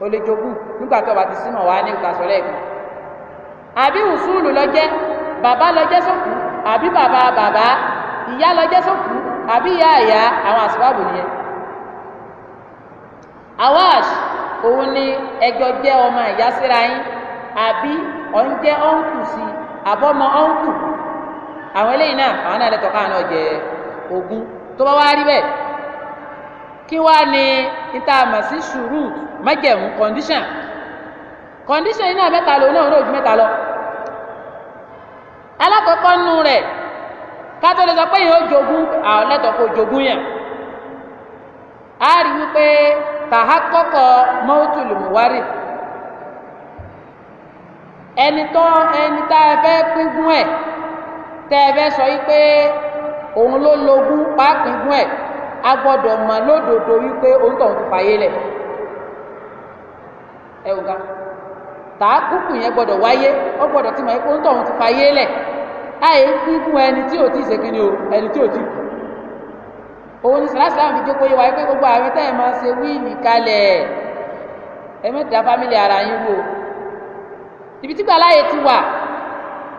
o lè jogún nígbà tó bá ti símọ̀ wá ní ìgbà sọ́lẹ̀ kan àbí usulu lọ jẹ́ bàbá lọ jẹ́ sókù àbí bàbá bàbá. ìyá lọ jẹ́ àbí ìyá àyà àwọn àsìbáàbò nìyẹn awash òun ni ẹjọ jẹ ọmọ ìyá síra yín àbí ọ̀n jẹ́ ọ̀nkù sí àbọ̀mọ ọ̀nkù àwọn eléyìí náà àwọn náà lẹ́tọ̀ọ́ káwọn náà jẹ ogún tó bá wá rí bẹ́ẹ̀ kí wá ní níta mọ̀ sí sùúrù májẹ̀mú condition condition yìí náà mẹ́ta lòun náà òun náà ju mẹ́ta lọ alákọ̀ọ́kọ́ nù rẹ̀ kátó lè sọ pé yẹn ó jogún àwọn lẹ́tọ̀ọ́ jogún yẹn a rí wípé tàhá mọ́tò lùmùwárì ẹni tó ẹni tá ẹ fẹ́ sọ wípé òun ló logún pa pígún a gbọ́dọ̀ mọ̀ lódodo wípé òun tó ń ti mọ̀ pé àyè kú ikú ẹni tí ò tí ì ṣe kíni o ẹni tí ò tí ì kú òun ni sàlásàlám fi jókòó yé wa pé gbogbo àwọn tẹ́ ẹ̀ máa ṣe wíìlì kalẹ̀ ẹ mẹ́ta fámìlì ara yín wò ibi tí gbàláyè ti wà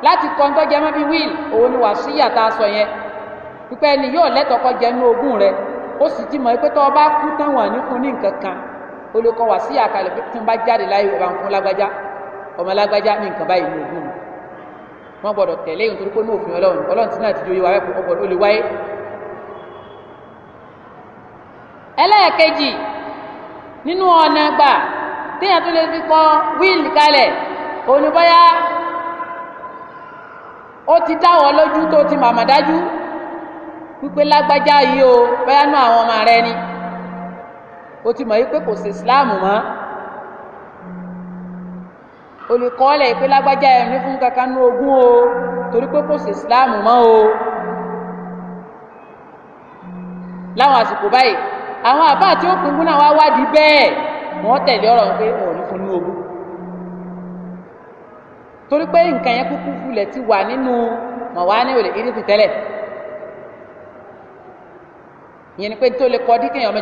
láti kọ́ ń tọ́jú ẹ mọ́ bí wíìlì òun ni wàásíyà tá a sọ yẹn pípẹ́ ẹni yóò lẹ́tọ̀ọ́kọ́ jẹnu ogún rẹ̀ ó sì ti mọ̀ pé tọ́ ọba kú tán wà níkun ní nǹkan kan olùkọ́ wàásíyà kalẹ̀ pé tí wọ́n bá jáde láyé ọba wọn gbọdọ tẹ̀lé ìhun torí pé ní òfin ọlọ́run ọlọ́run tí náà ti jó yíwa ẹ̀kọ́ ọgbọ̀dọ̀ ó lè wáyé ẹlẹ́ẹ̀kejì nínú ọ̀nà gbà téèyàn tó lè fi kọ wíìlì kalẹ̀ ó ti dáwọ́ lójú tó ti màmá dájú o nú àwọn rẹ ni ó mọ̀ yí pé kò sí mọ́ olùkọ́lẹ̀ pé lágbájá ẹ̀mí fún kankan ní ogún o torí pé kò sí mọ́ o láwọn àsìkò báyìí àwọn àbá àti òkùnkùn náà wá wádìí bẹ́ẹ̀ wọ́n tẹ̀lé ọ̀rọ̀ pé ọ̀rọ̀ fún ní ogún torí pé nǹkan yẹn kúkú fulẹ̀ ti wà nínú ní ti tẹ́lẹ̀ ìyẹn ni pé tó lè kọ́ kéèyàn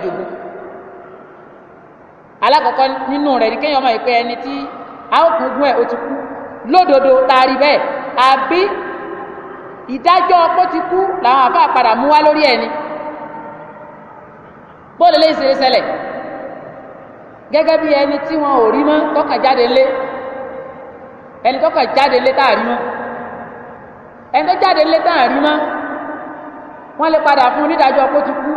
àwọn kan gún ẹ̀ ó ti kú lódodo taari bẹ́ẹ̀ àbí ìdájọ́ ọpọ́ ti kú làwọn àfa padà mú wá lórí ẹni bóòlù lè ṣe ṣẹlẹ̀ gẹ́gẹ́ bí ẹni tí wọn ò rí mọ́ tọkàn jáde lé ẹni tọkàn jáde lé tá a rí mọ́ ẹni tó jáde lé tá a rí mọ́ wọ́n lè padà fún onídàájọ́ ọpọ́ ti kú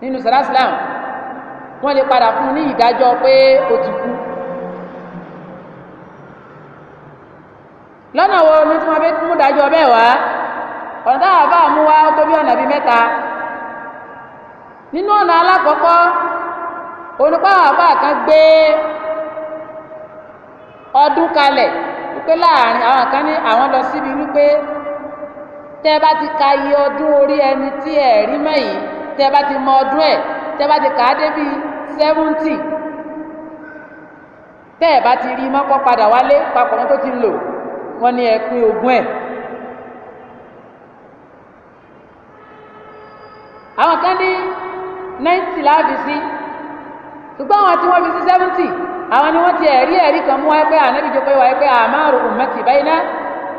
nínú sàrásìláàmù. wọ́n lè padà fún un ní ìdájọ́ pé o ti kú. lọ́nà wo ní fún wọ́n mú dájọ́ bẹ́ẹ̀ wá ọ̀nà táwọn àbá mú wá ó tó bí ọ̀nà bíi mẹ́ta nínú ọ̀nà alákọ̀ọ́kọ́ onípàwọ̀ àbá kan gbé ọdún kalẹ̀ wípé láàrin àwọn kan ní àwọn lọ síbi wípé tẹ́ bá ti ka iye ọdún orí ẹni tí ẹ̀ rí mẹ́yìn tẹ́ bá ti mọ ọdún ẹ̀ tẹ́ bá ti kà á débi seventy tẹ́ ẹ̀ bá ti rí mọ́kọ́ padà wálé papọ̀ wọn tó ti lò wọ́n ní ẹ pín ogún ẹ̀. àwọn kan ní ninety láàbì sí ṣùgbọ́n àwọn tí wọ́n fi sí seventy àwọn ni wọ́n ti ẹ̀rí ẹ̀rí kan mú wáyé pé ànábì jókòó wáyé pé àmárù ummati bayna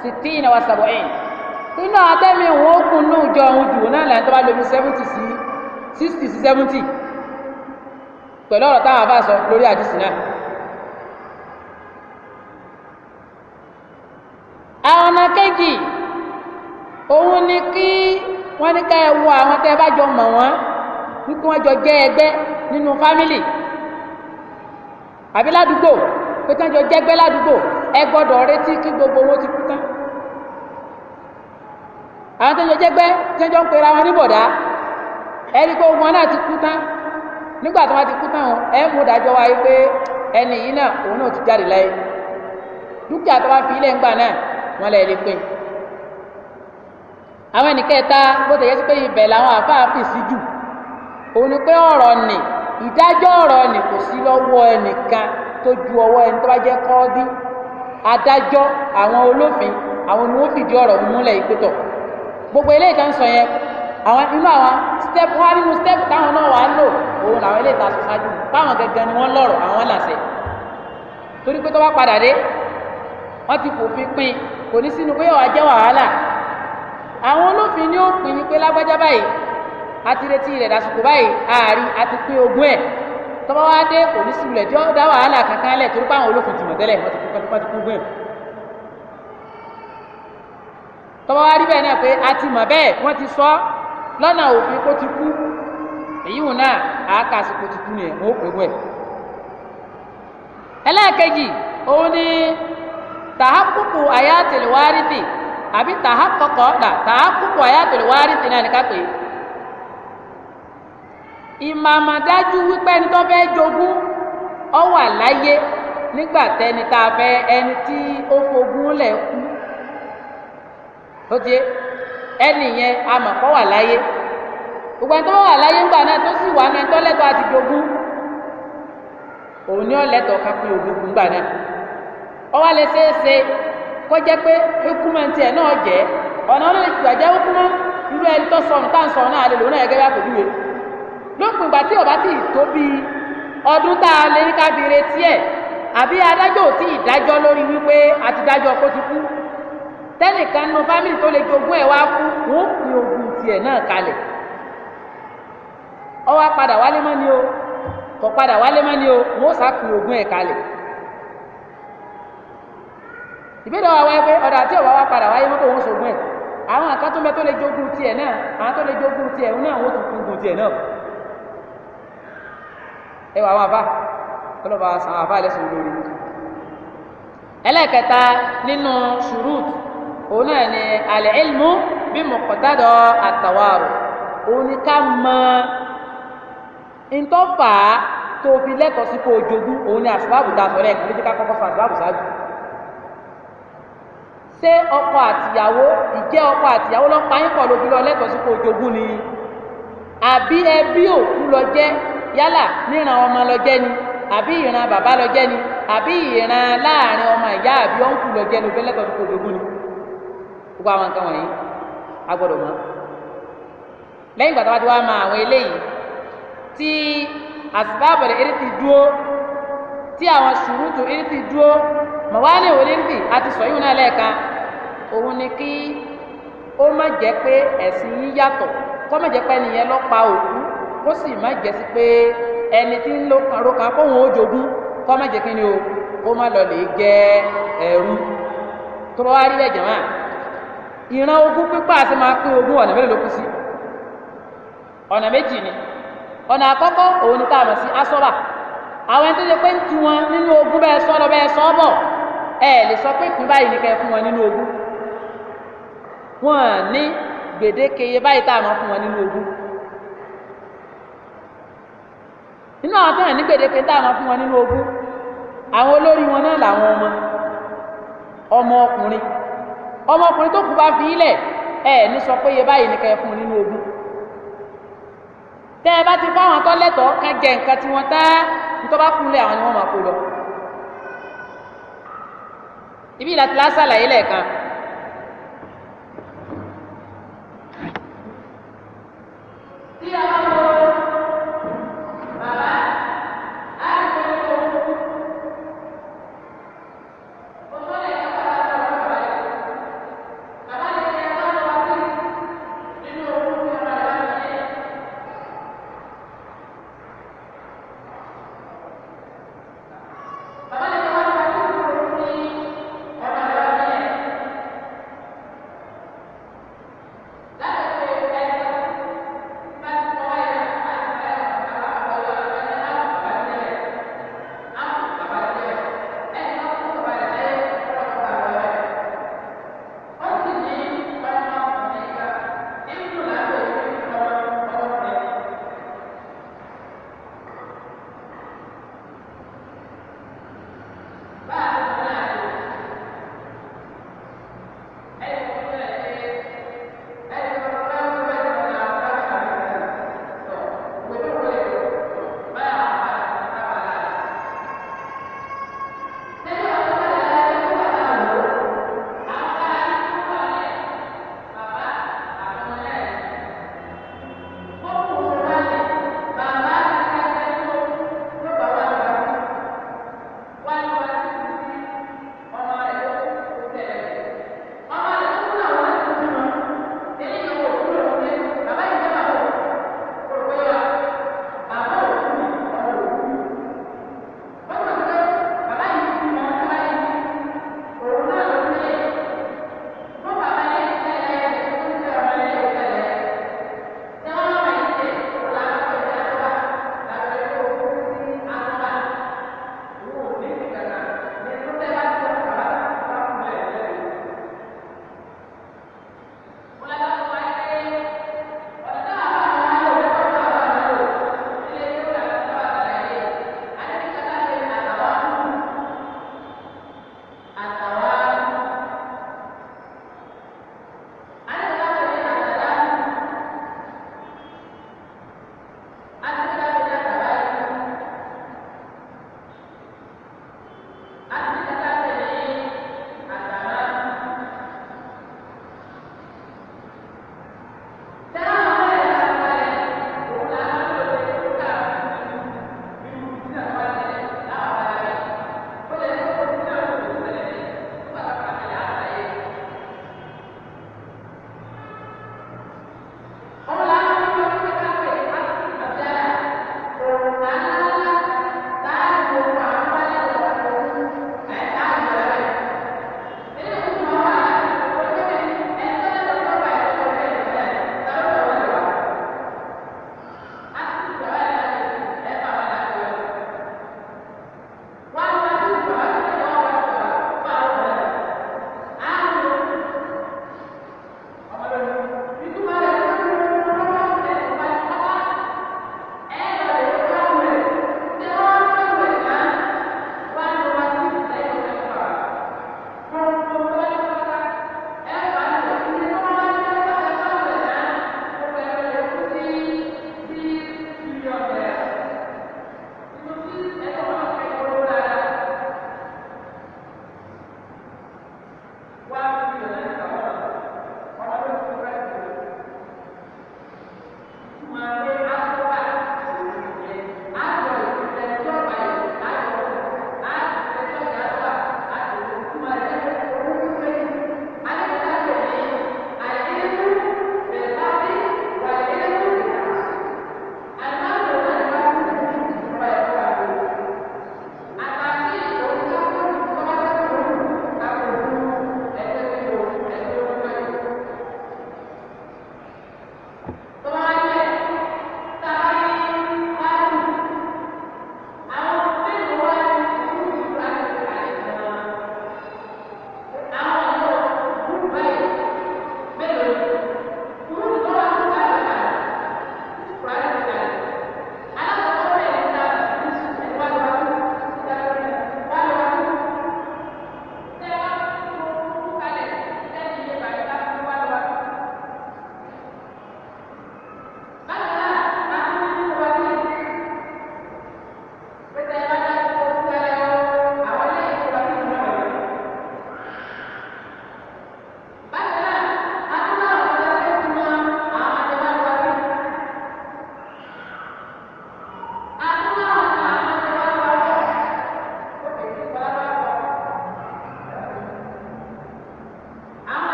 sittina wa sab'in nínú àtẹ́mi òun ó kún ní ìjọ òun jù náà lẹ́yìn tó bá lóbi seventy sí sixty sí seventy. pẹ̀lú ọ̀rọ̀ táwọn àbá sọ lórí àdìsí náà. ọ̀nà kejì òun ni kí wọ́n ní ká ẹ àwọn tẹ́ bá jọ mọ̀ wọ́n wípé wọ́n jọ jẹ́ ẹgbẹ́ nínú fámílì àbí ládùúgbò pé tán jọ jẹ́gbẹ́ ẹ gbọ́dọ̀ retí kí gbogbo owó ti kú tán àwọn tẹ́jọ jẹ́gbẹ́ tẹ́jọ ń pera wọn pé ogun nígbà tó wọn ti kú tán ẹ mú dájọ́ wáyé pé ẹni yìí náà òun náà ti jáde láyé dúkìá tó wá fi ilé ńgbà náà wọn lè lè pín àwọn ẹnìkẹta bó ti yẹ sí pé ibẹ̀ làwọn àáfàá fi sí jù òun ni pé ọ̀rọ̀ nì ìdájọ́ ọ̀rọ̀ nì kò sí lọ́wọ́ ẹnìkan tó ju ọwọ́ ẹni tó bá jẹ́ kọ́ọ́dí adájọ́ àwọn olófin àwọn ni wọ́n fìdí ọ̀rọ̀ múlẹ̀ ìpẹ́tọ̀ gbogbo eléyìí tá ń sọ yẹn àwọn inú àwọn step wá nínú step táwọn náà wà á lò òun làwọn ilé ìta ṣáájú báwọn gẹ́gẹ́ ni wọ́n lọ́rọ̀ àwọn làṣẹ torí pé tó bá padà dé wọ́n ti fòfin pín kò ní sínú pé wàá jẹ́ wàhálà àwọn olófin ni ó pín pé lágbájá báyìí àti retí rẹ̀ dàsìkò báyìí ààrí àti pín ogún ẹ̀ tọ́ba wá dé kò ní sínú rẹ̀ tí ó dá wàhálà kankan lẹ̀ torí pé àwọn olófin ti mọ̀ tẹ́lẹ̀ wọ́n ti kú pẹ́ẹ́pẹ́ ti kú ogún ẹ̀ tọ́ba wá rí bẹ́ẹ̀ náà pé a ti mọ̀ bẹ́ẹ̀ wọ́n ti sọ lọ́nà òfin kó ti kú èyí wò náà àáka àsìkò ti kú ni ẹ̀ ó pẹ̀lú ẹlẹ́ẹ̀kejì òun ni tàhákùkù àyàtìlì wárìtì àbí tàhákọ̀kọ̀ ọ̀dà tàhákùkù wárìtì náà ní ká pè é. ìmàmàdájú wípé ẹni tó fẹ́ jogún ọ wà láyé nígbà tẹni tá tí ó fogún ẹnìyẹn amọ̀kọ́ wà láyé gbogbo ẹni tó wà láyé ńgbà náà tó sì wà náà tọ́lẹ́tọ̀ àti jogún òun ni ọ̀lẹ́tọ̀ kápẹ́ ògùn ńgbà náà ọwọ́ alẹ́ ṣeéṣe kọjá pé hukuman tiẹ̀ náà jẹ́ ọ̀nà ọ̀nà ìgbàjẹ́ hukuman irú ẹni tó tá à ń náà lè lò náà gẹ́gẹ́ bá lópin ìgbà tí ọba tó ọdún tá a lè ní àbí tẹ́nìkan nínú fámìlì tó lè jogún ẹ̀ wá kú wọ́n pín ogún tiẹ̀ náà kalẹ̀ ó padà wálé mọ́ ni o kò padà wálé mọ́ ni o wọ́n sá pín ogún ẹ̀ kalẹ̀ ìbéèrè wa wáyé pé ọ̀dà tí ọ̀wá wa padà wáyé mọ́tò wọn sògùn ẹ̀ àwọn àká tó mẹ́ tó lè jogún tiẹ̀ náà àwọn tó lè jogún tiẹ̀ náà wọ́n tún gun tiẹ̀ náà ẹ wà àwọn àbá ọlọ́ba àwọn àbá ẹlẹ́sìn lórí ẹlẹ́kẹta nínú ṣùrùtù òun náà ni alẹ́ ilmu bí mọ̀kọ́tàdọ̀ àtàwárò òun ni ká mọ ntọ́fà tó fi lẹ́tọ̀ọ́ sí kó o jogún òun ni àsìbáàbù ta sọ̀rọ̀ ẹ̀ kò ní ti ká kọ́kọ́ sọ àsìbáàbù ṣáájú. ṣé ọkọ àtìyàwó ìjẹ́ ọkọ àtìyàwó lọ́pàá yín kọ̀ ló fi lọ lẹ́tọ̀ọ́ sí kó ni àbí ẹbí òkú lọ jẹ́ yálà níran ọmọ lọ jẹ́ ni àbí ìran bàbá lọ jẹ́ ni àbí ìran láàrin ọmọ ìyá àbí ọ̀nkù lọ jẹ́ ló fi lẹ́tọ̀ọ́ sí kó ni gbogbo àwọn nǹkan wọ̀nyí a gbọ́dọ̀ mọ̀ lẹ́yìn ìgbà tó bá ti wá máa àwọn eléyìí tí àsìbáàbọ̀lẹ̀ irítì dúó tí àwọn ṣùrùtù irítì dúó mọ̀wálé òun irítì àti sọ̀yún náà lẹ́ẹ̀kan òun ni kí ó má jẹ́ pé ẹ̀sìn yín yàtọ̀ kó má jẹ́ pé ẹnìyẹn lọ́ pa òkú kó sì má jẹ́ sí pé ẹni tí ń lo kàró kan kóhun ó jogún kó má jẹ́ kí ni o kó má lọ lè jẹ ẹrú tó bá wá rí bẹ́ẹ̀ jẹ̀mọ́ ìran ogún pípa àti máa pín ogún ọ̀nà mélòó ló kú sí ọ̀nà méjì ni ọ̀nà àkọ́kọ́ òun ni táàmù sí asọ́ra àwọn ẹni tó ṣe pé ń tu wọn nínú ogún bẹ́ẹ̀ sọ lọ bẹ́ẹ̀ sọ bọ̀ ẹ lè sọ pé ìpín báyìí fún wọn nínú ogún wọn ní gbèdéke iye báyìí táàmù fún wọn nínú ogún nínú àwọn tó ní gbèdéke táàmù fún wọn nínú ogún ọmọ ọmọ ọkùnrin ọmọkùnrin tó kù bá fi ilẹ̀ ẹ ní sọ pé iye báyìí ni kẹ́ fún un nínú ogún tẹ́ ẹ bá ti fún àwọn tọ́lẹ́tọ̀ ká jẹ nǹkan tí wọ́n tá nítorí bá kúnlẹ̀ àwọn ni wọ́n máa kó lọ. ibi ìlàtí lásàlàyé lẹ́ẹ̀kan. tí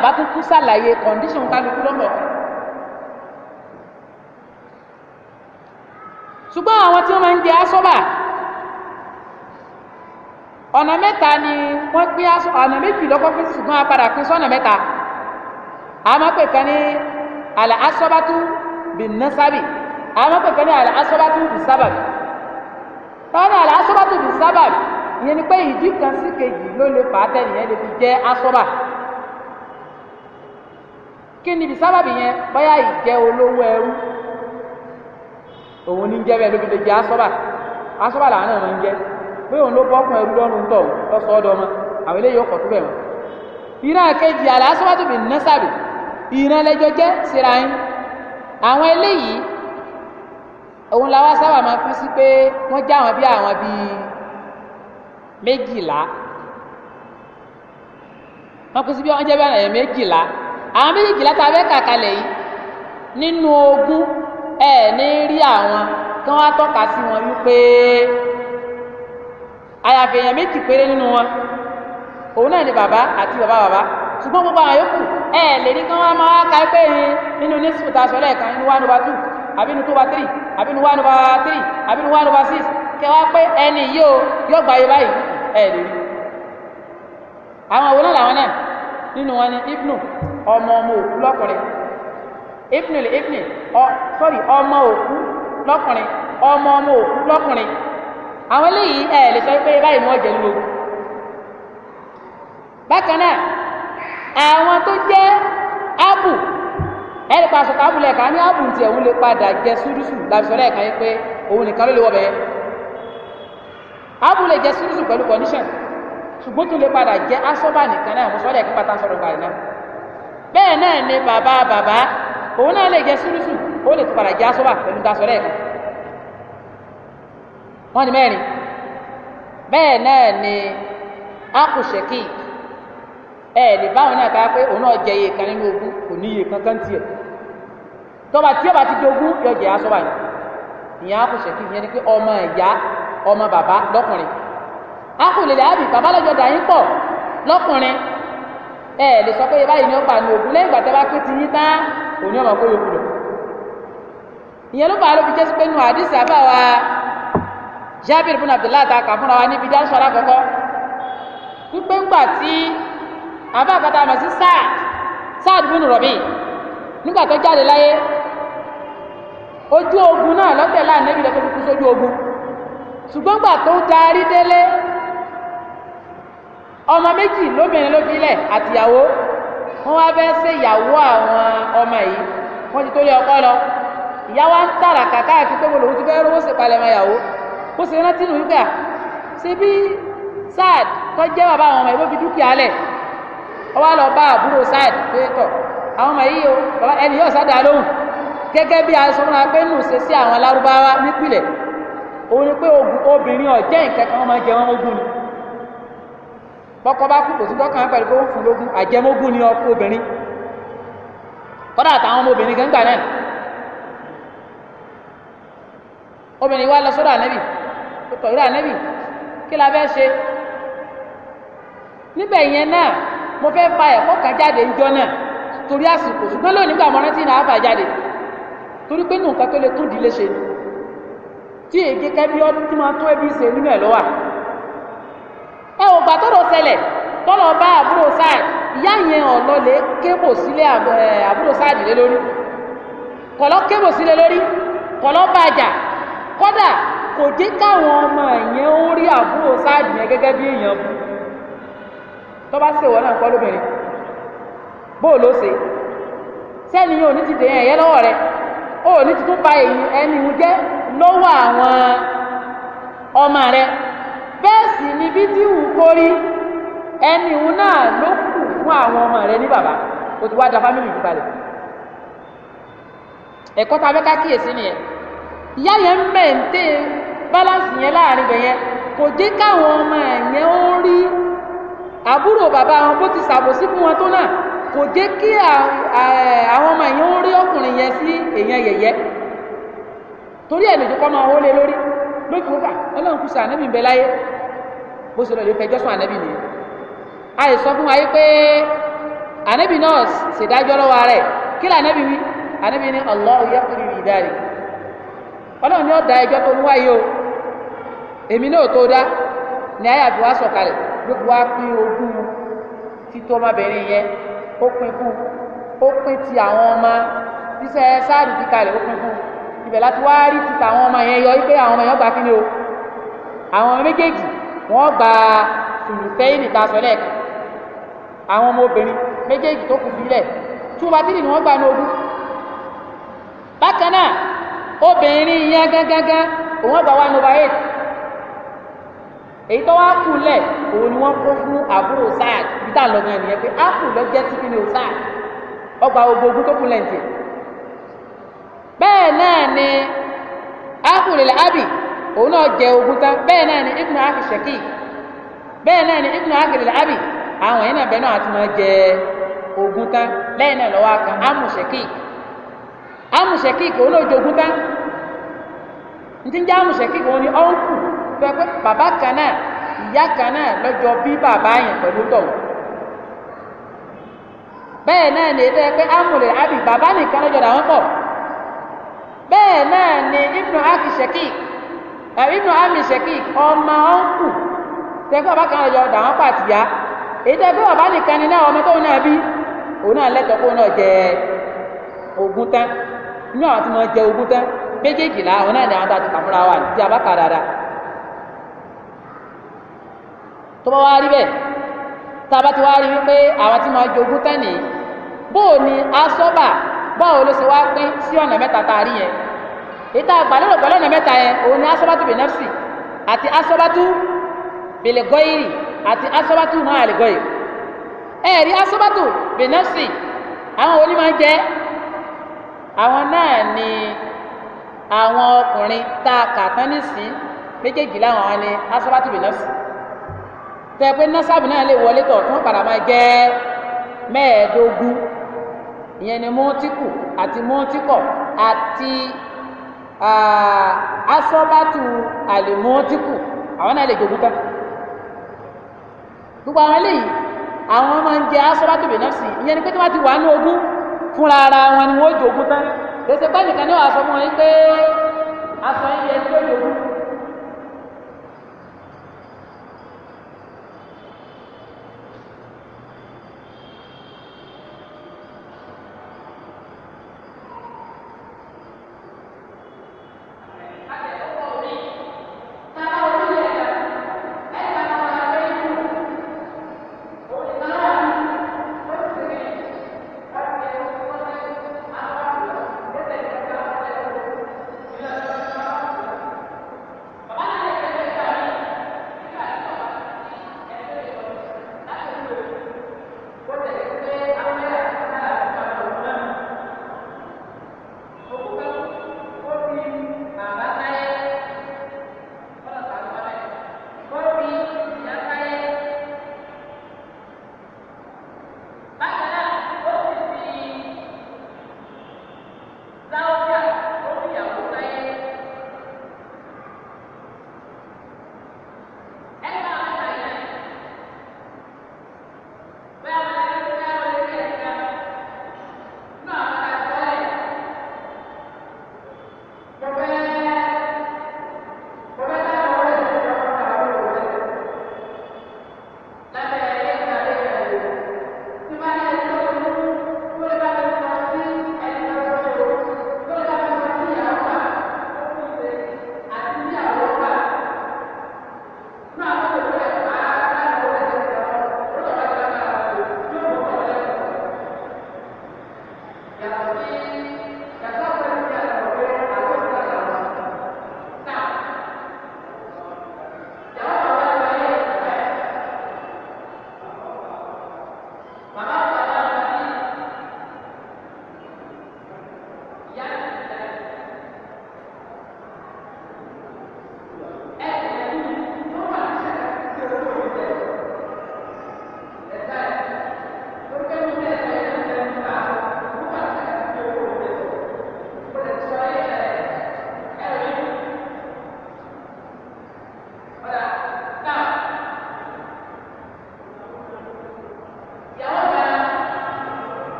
a tó tún ṣàlàyé condition kálukú lọ́mọ̀ kan. ṣùgbọ́n àwọn tí wọ́n máa ń jẹ asọ́bà ọ̀nà mẹ́ta ni wọ́n pín ọ̀nà méjì lọ́kọ́ pín sí ṣùgbọ́n apadà pín sọ́nà mẹ́ta àmọ́ pè kan ní àlà asọ́bátú bì násábì àmọ́ pè kan ní àlà asọ́bátú bì sábàbì tọ́nà àlà asọ́bátú bì sábàbì ìyẹn ni pé ìdí kan sí kejì ló lè fà á tẹ́nìyẹn lè fi jẹ́ asọ́bà kí ni ibi sábàbí yẹn báyà ìjẹ́ olówó ẹrú òun ní jẹ́ bẹ́ẹ̀ ló fi lè jẹ́ asọ́bà asọ́bà làwọn náà máa ń jẹ́ pé òun ló bọ́kùn ẹrú lọ́rùn tọ̀ lọ́sọ̀ ọ́dọ̀ ọmọ àwọn eléyìí ọkọ̀ tó bẹ̀ wọ́n. ìran kejì àlà asọ́bà tó fi ná sàbì ìran lẹ́jọ́ jẹ́ síra yín àwọn eléyìí òun làwa sábà máa fi sí pé wọ́n já àwọn bí àwọn bíi méjìlá wọ́n kú sí bí wọ́n jẹ́ bí àwọn èèyàn méjìlá àwọn méjèèjì látàrí ẹ̀ka kalẹ̀ yìí nínú ogún ẹ̀ ní rí àwọn kán wá tọ́ka sí wọn wípé àyàfi èèyàn méjì péré nínú wọn òun náà ni bàbá àti bàbá bàbá ṣùgbọ́n gbogbo àwọn yòókù ẹ̀ lè ní kán wá máa ka pé nínú ní tá a sọ lẹ́ẹ̀kan nínú one over two àbí nínú two over three àbí nínú one over three àbí nínú one over six kẹwàá pé ẹni yìí o yóò gba ayé báyìí ẹ̀ lè rí àwọn òun náà làwọn náà nínú wọn ni ibnu ọmọ ọmọ òkú lọ́kùnrin ibn lè ibn ọ sọ́rí ọmọ òkú lọ́kùnrin ọmọ ọmọ òkú lọ́kùnrin àwọn eléyìí ẹ lè sọ pé báyìí wọ́n jẹ́ lógo bákan náà àwọn tó jẹ́ ábù ẹ̀rí pa aṣọ tábùlẹ̀ ẹ̀ka ní ábù tí ẹ̀hún lè padà jẹ súrúsù lábìsọ̀rọ̀ ẹ̀ka yẹn pé òun nìkan ló lè wọ̀ bẹ́ẹ̀ ábù lè jẹ súrúsù pẹ̀lú condition ṣùgbọ́n tó lè padà jẹ asọ́bà nìkan náà mo sọ́dọ̀ ẹ̀ka pátá sọ̀rọ̀ gbàgbé náà bẹ́ẹ̀ náà ni bàbá bàbá òun náà lè jẹ súrúsù ó lè tún padà já sọ́wà pẹ̀lú dasọ lẹ́ẹ̀kan wọ́n ní mẹ́rin bẹ́ẹ̀ náà ni akùsẹ̀kì ẹ̀ lè báwọn náà kára pé òun náà jẹ iye kan nínú ogún kò ní iye kankan tiẹ̀ tọ́ba tí ọba ti jogún yọ jẹ́ asọ́wà yìí ìyẹn akùsẹ̀kì ìyẹn ni pé ọmọ ìyá ọmọ bàbá lọ́kùnrin akùlẹ̀lẹ̀ àbí bàbá lọ́jọ́ dà yín pọ̀ lọ́kùnrin ẹ ẹ lè sọ pé báyìí ni ó pa àmì ògùn lẹ́yìn ìgbà tẹ́ bá pé ti yín tán òní ọmọ kó yòókù lọ ìyẹn ló bàa ló fi jẹ́ sí pé nu àdìsí àbá wa jábìrì fún abdullahi ta kà fúnra wa níbi jáṣọ alákọ̀ọ́kọ́ wípé ńgbà tí àbá àkàtà àmọ̀ sí sáàd sáàd bínú rọ̀bì nígbà tó jáde láyé ojú ogun náà lọ́tẹ̀ láàrin níbi lọ́tẹ̀ fi sójú ogun ṣùgbọ́n gbà tó darí délé ọmọ méjì lóbìnrin ló fi lẹ̀ àtìyàwó wọ́n wá fẹ́ ṣe ìyàwó àwọn ọmọ yìí wọ́n ti tó lé ọkọ lọ ìyá wa ń tààrà kàkà àti pé olùkú ti fẹ́ rówó ṣe palẹ̀mọ́ ìyàwó ó ṣe rántí nù yúgà ṣe bí Saad tó jẹ́ bàbá àwọn ọmọ yìí ló fi dúkìá lẹ̀ ó wá lọ bá àbúrò Saad pé tọ̀ àwọn ọmọ yìí o bàbá ẹni yóò sáadà lóhùn gẹ́gẹ́ bí a sọ fún wa pé nù ṣe sí àwọn Lárúbáwá nípìnlẹ̀ òun ni pé obìnrin ọ̀jẹ́ nǹkan kan máa jẹ wọn ogún ni bọ́kọ bá kú kò sí tọ́kàn pẹ̀lú pé ó ń fún lógún àjẹmógún ni ọkọ obìnrin kọ́dà àtàwọn ọmọbìnrin kan gbà náà obìnrin wa lọ sọ́dọ̀ ànẹ́bì pẹ̀lú ànẹ́bì kí la fẹ́ ṣe níbẹ̀ yẹn náà mo fẹ́ fa ẹ̀kọ́ kan jáde ńjọ́ náà torí àsìkò ṣùgbọ́n lónìí gbà mọ́rán tí náà fà jáde torí pé nù nǹkan tó lè tún ìdílé ṣe tí èké kẹ́bí ọdún tí máa tó ẹbí ṣe nínú ẹ̀ lọ́wọ́ ẹ ò gbà tọ́rọ̀ ṣẹlẹ̀ bá àbúrò sáà ìyá yẹn ọ̀lọ́lẹ̀ kébò sílé àbúrò sáà dìlé lórí kọ̀lọ́ kébò sílé lórí kọ̀lọ́ bàjà kọ́dà kò jẹ́ káwọn ọmọ yẹn ó rí àbúrò sáà yẹn gẹ́gẹ́ bí èèyàn bú náà bóò ló ṣe yóò ní ti dè bẹ́ẹ̀ sì ni bí tí wù kó rí ẹni ìhun náà ló kù fún àwọn ọmọ rẹ ní bàbá o ti wá da fámìlì yìí balẹ̀ ẹ̀kọ́ ta fẹ́ ká kíyèsí nìyẹn ìyá yẹn ń mẹ́ǹtẹ́ bálánsì yẹn láàrin ibẹ̀ yẹn kò jẹ́ káwọn ọmọ yẹn ó rí àbúrò bàbá wọn bó ti ṣàbòsí fún wọn tó náà kò jẹ́ kí àwọn ọmọ yẹn ó rí ọkùnrin yẹn sí èèyàn yẹ̀yẹ́ torí ẹ̀ lè jẹ́ kọ́ máa ó lórí lójú ọgbà ọlọ́run kù sí ànábì ń bẹ láyé bó ṣe lọ lè fẹjọ́ sùn ànábì nìyẹn a lè sọ fún wa yé pé ànábì náà ṣèdájọ́ lọ́wọ́ rẹ̀ kí lè ànábì wí ànábì ní Allahu yaqdi bi dhalik ọlọ́run ni ó da ẹjọ́ tó ń wáyé o èmi náà tó dá ní ayé àbí wá sọ̀kalẹ̀ gbogbo wa pín ogún títọ́ ọmọbìnrin yẹn ó pín fún ó pín ti àwọn ọmọ ṣíṣe sáàdù kíkalẹ̀ ó pín fún ibẹ̀ láti wá rí ti tàwọn ọmọ yẹn yọ wípé àwọn ọmọ yẹn gba kíni o àwọn méjèèjì wọ́n gba sùlùsẹ́yìn ìta sọ́lẹ̀ àwọn ọmọ obìnrin méjèèjì tó kù sílẹ̀ tú bá tìrì ni wọ́n gba ní ogún bákan náà obìnrin yẹn gángangan òun gba one over eight èyí tó wá kù lẹ̀ òun ni wọ́n kó fún àbúrò sáà bíta lọ́gàn nìyẹn pé ápù lọ́jẹ́ sí kíni o sáà ọgbà ogun ogun tó kù lẹ́ǹtì bẹ́ẹ̀ náà ni abi òun náà jẹ ogún tán bẹ́ẹ̀ náà ni aki shaki bẹ́ẹ̀ náà ni ibnu akilil abi àwọn yẹn náà bẹ́ẹ̀ náà àti máa jẹ ogún tán lẹ́yìn náà lọ́wọ́ kan òun náà jẹ tán ntíjà òun ni ọ̀nkù tó bàbá kan náà ìyá kan náà lọ́jọ́ bí bàbá yẹn pẹ̀lú bẹ́ẹ̀ náà ni bẹ́ẹ̀ náà ni ibnu aki shakik ibnu ami shakik ọmọ ọ̀nkù tẹ́kọ̀ bá kan yọ dàwọn pàtìyà èyí ebe bí bàbá nìkan ni náà ọmọ tóun náà bí òun náà lẹ́tọ̀ọ́ kó náà jẹ ogun tán inú àwọn jẹ ogun tán òun náà ni àwọn ti kàmúra wa ní ti tó bá wá rí bẹ́ẹ̀ tá a bá ti wá rí wípé àwọn tí wọ́n jẹ tán nìyí bóò ni báwo ló ṣe wá pín sí ọ̀nà mẹ́ta tá a rí yẹn ìta àgbàlérò pẹ̀lú ọ̀nà mẹ́ta yẹn òun ni asọ́bátú bìí nẹ́fsì àti asọ́bátú bìlẹ̀ gọ́yìrì àti asọ́bátú máa àlè gọ́yìrì ẹ̀rí asọ́bátú bìí nẹ́fsì àwọn onímọ̀ jẹ́ àwọn náà ni àwọn ọkùnrin tá a kà tán nísìn méjèèjì láwọn àwọn ni asọ́bátú bìí nẹ́fsì tẹ́ pé násàbì náà lè wọlé tọ̀ fún padà máa jẹ́ mẹ́ẹ̀ẹ́dógún ìyẹn ni mọ́tíkù àti mọ́tíkọ̀ àti asọ́bátù àlèmọ́tíkù àwọn náà lè jogún tán gbogbo àwọn eléyìí àwọn máa ń jẹ asọ́bátù bẹ̀nẹ́fsì ìyẹn ni pé tí wọ́n ti wà ní ogún fúnra ara wọn ni wọ́n jogún tán lè ṣe pẹ́ nìkan ní wàá sọ fún wọn yìí pé aṣọ yìí yẹ kí ó jogún.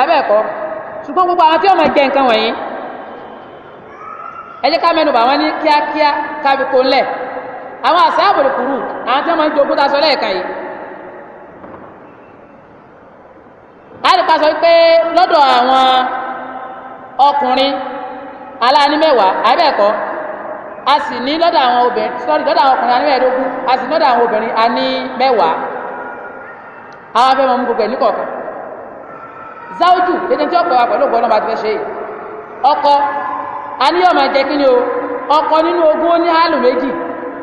àbẹ́ẹ̀kọ́ ṣùgbọ́n gbogbo àwọn tí wọ́n máa jẹ nǹkan wọ̀nyí ẹ ká mẹ́nu bà wọ́n ní kíákíá kábi kó lẹ̀ àwọn àṣàbò kúrú àwọn tí wọ́n ń jogún tasọ lẹ́ẹ̀kan yìí. sọ pé lọ́dọ̀ àwọn ọkùnrin aláàánú mẹ́wàá àbẹ́ẹ̀kọ́ a sì ní lọ́dọ̀ àwọn obìnrin lọ́dọ̀ àwọn ọkùnrin anímẹ́ẹ̀ẹ́dógún a sì ní lọ́dọ̀ àwọn obìnrin záwùjù tètè tí ó pè wá pẹ̀lú ògbọ́n náà bá ti fẹ́ ṣe ọkọ aníyàn máa jẹ kíni o ọkọ nínú ogún ó ní hálù méjì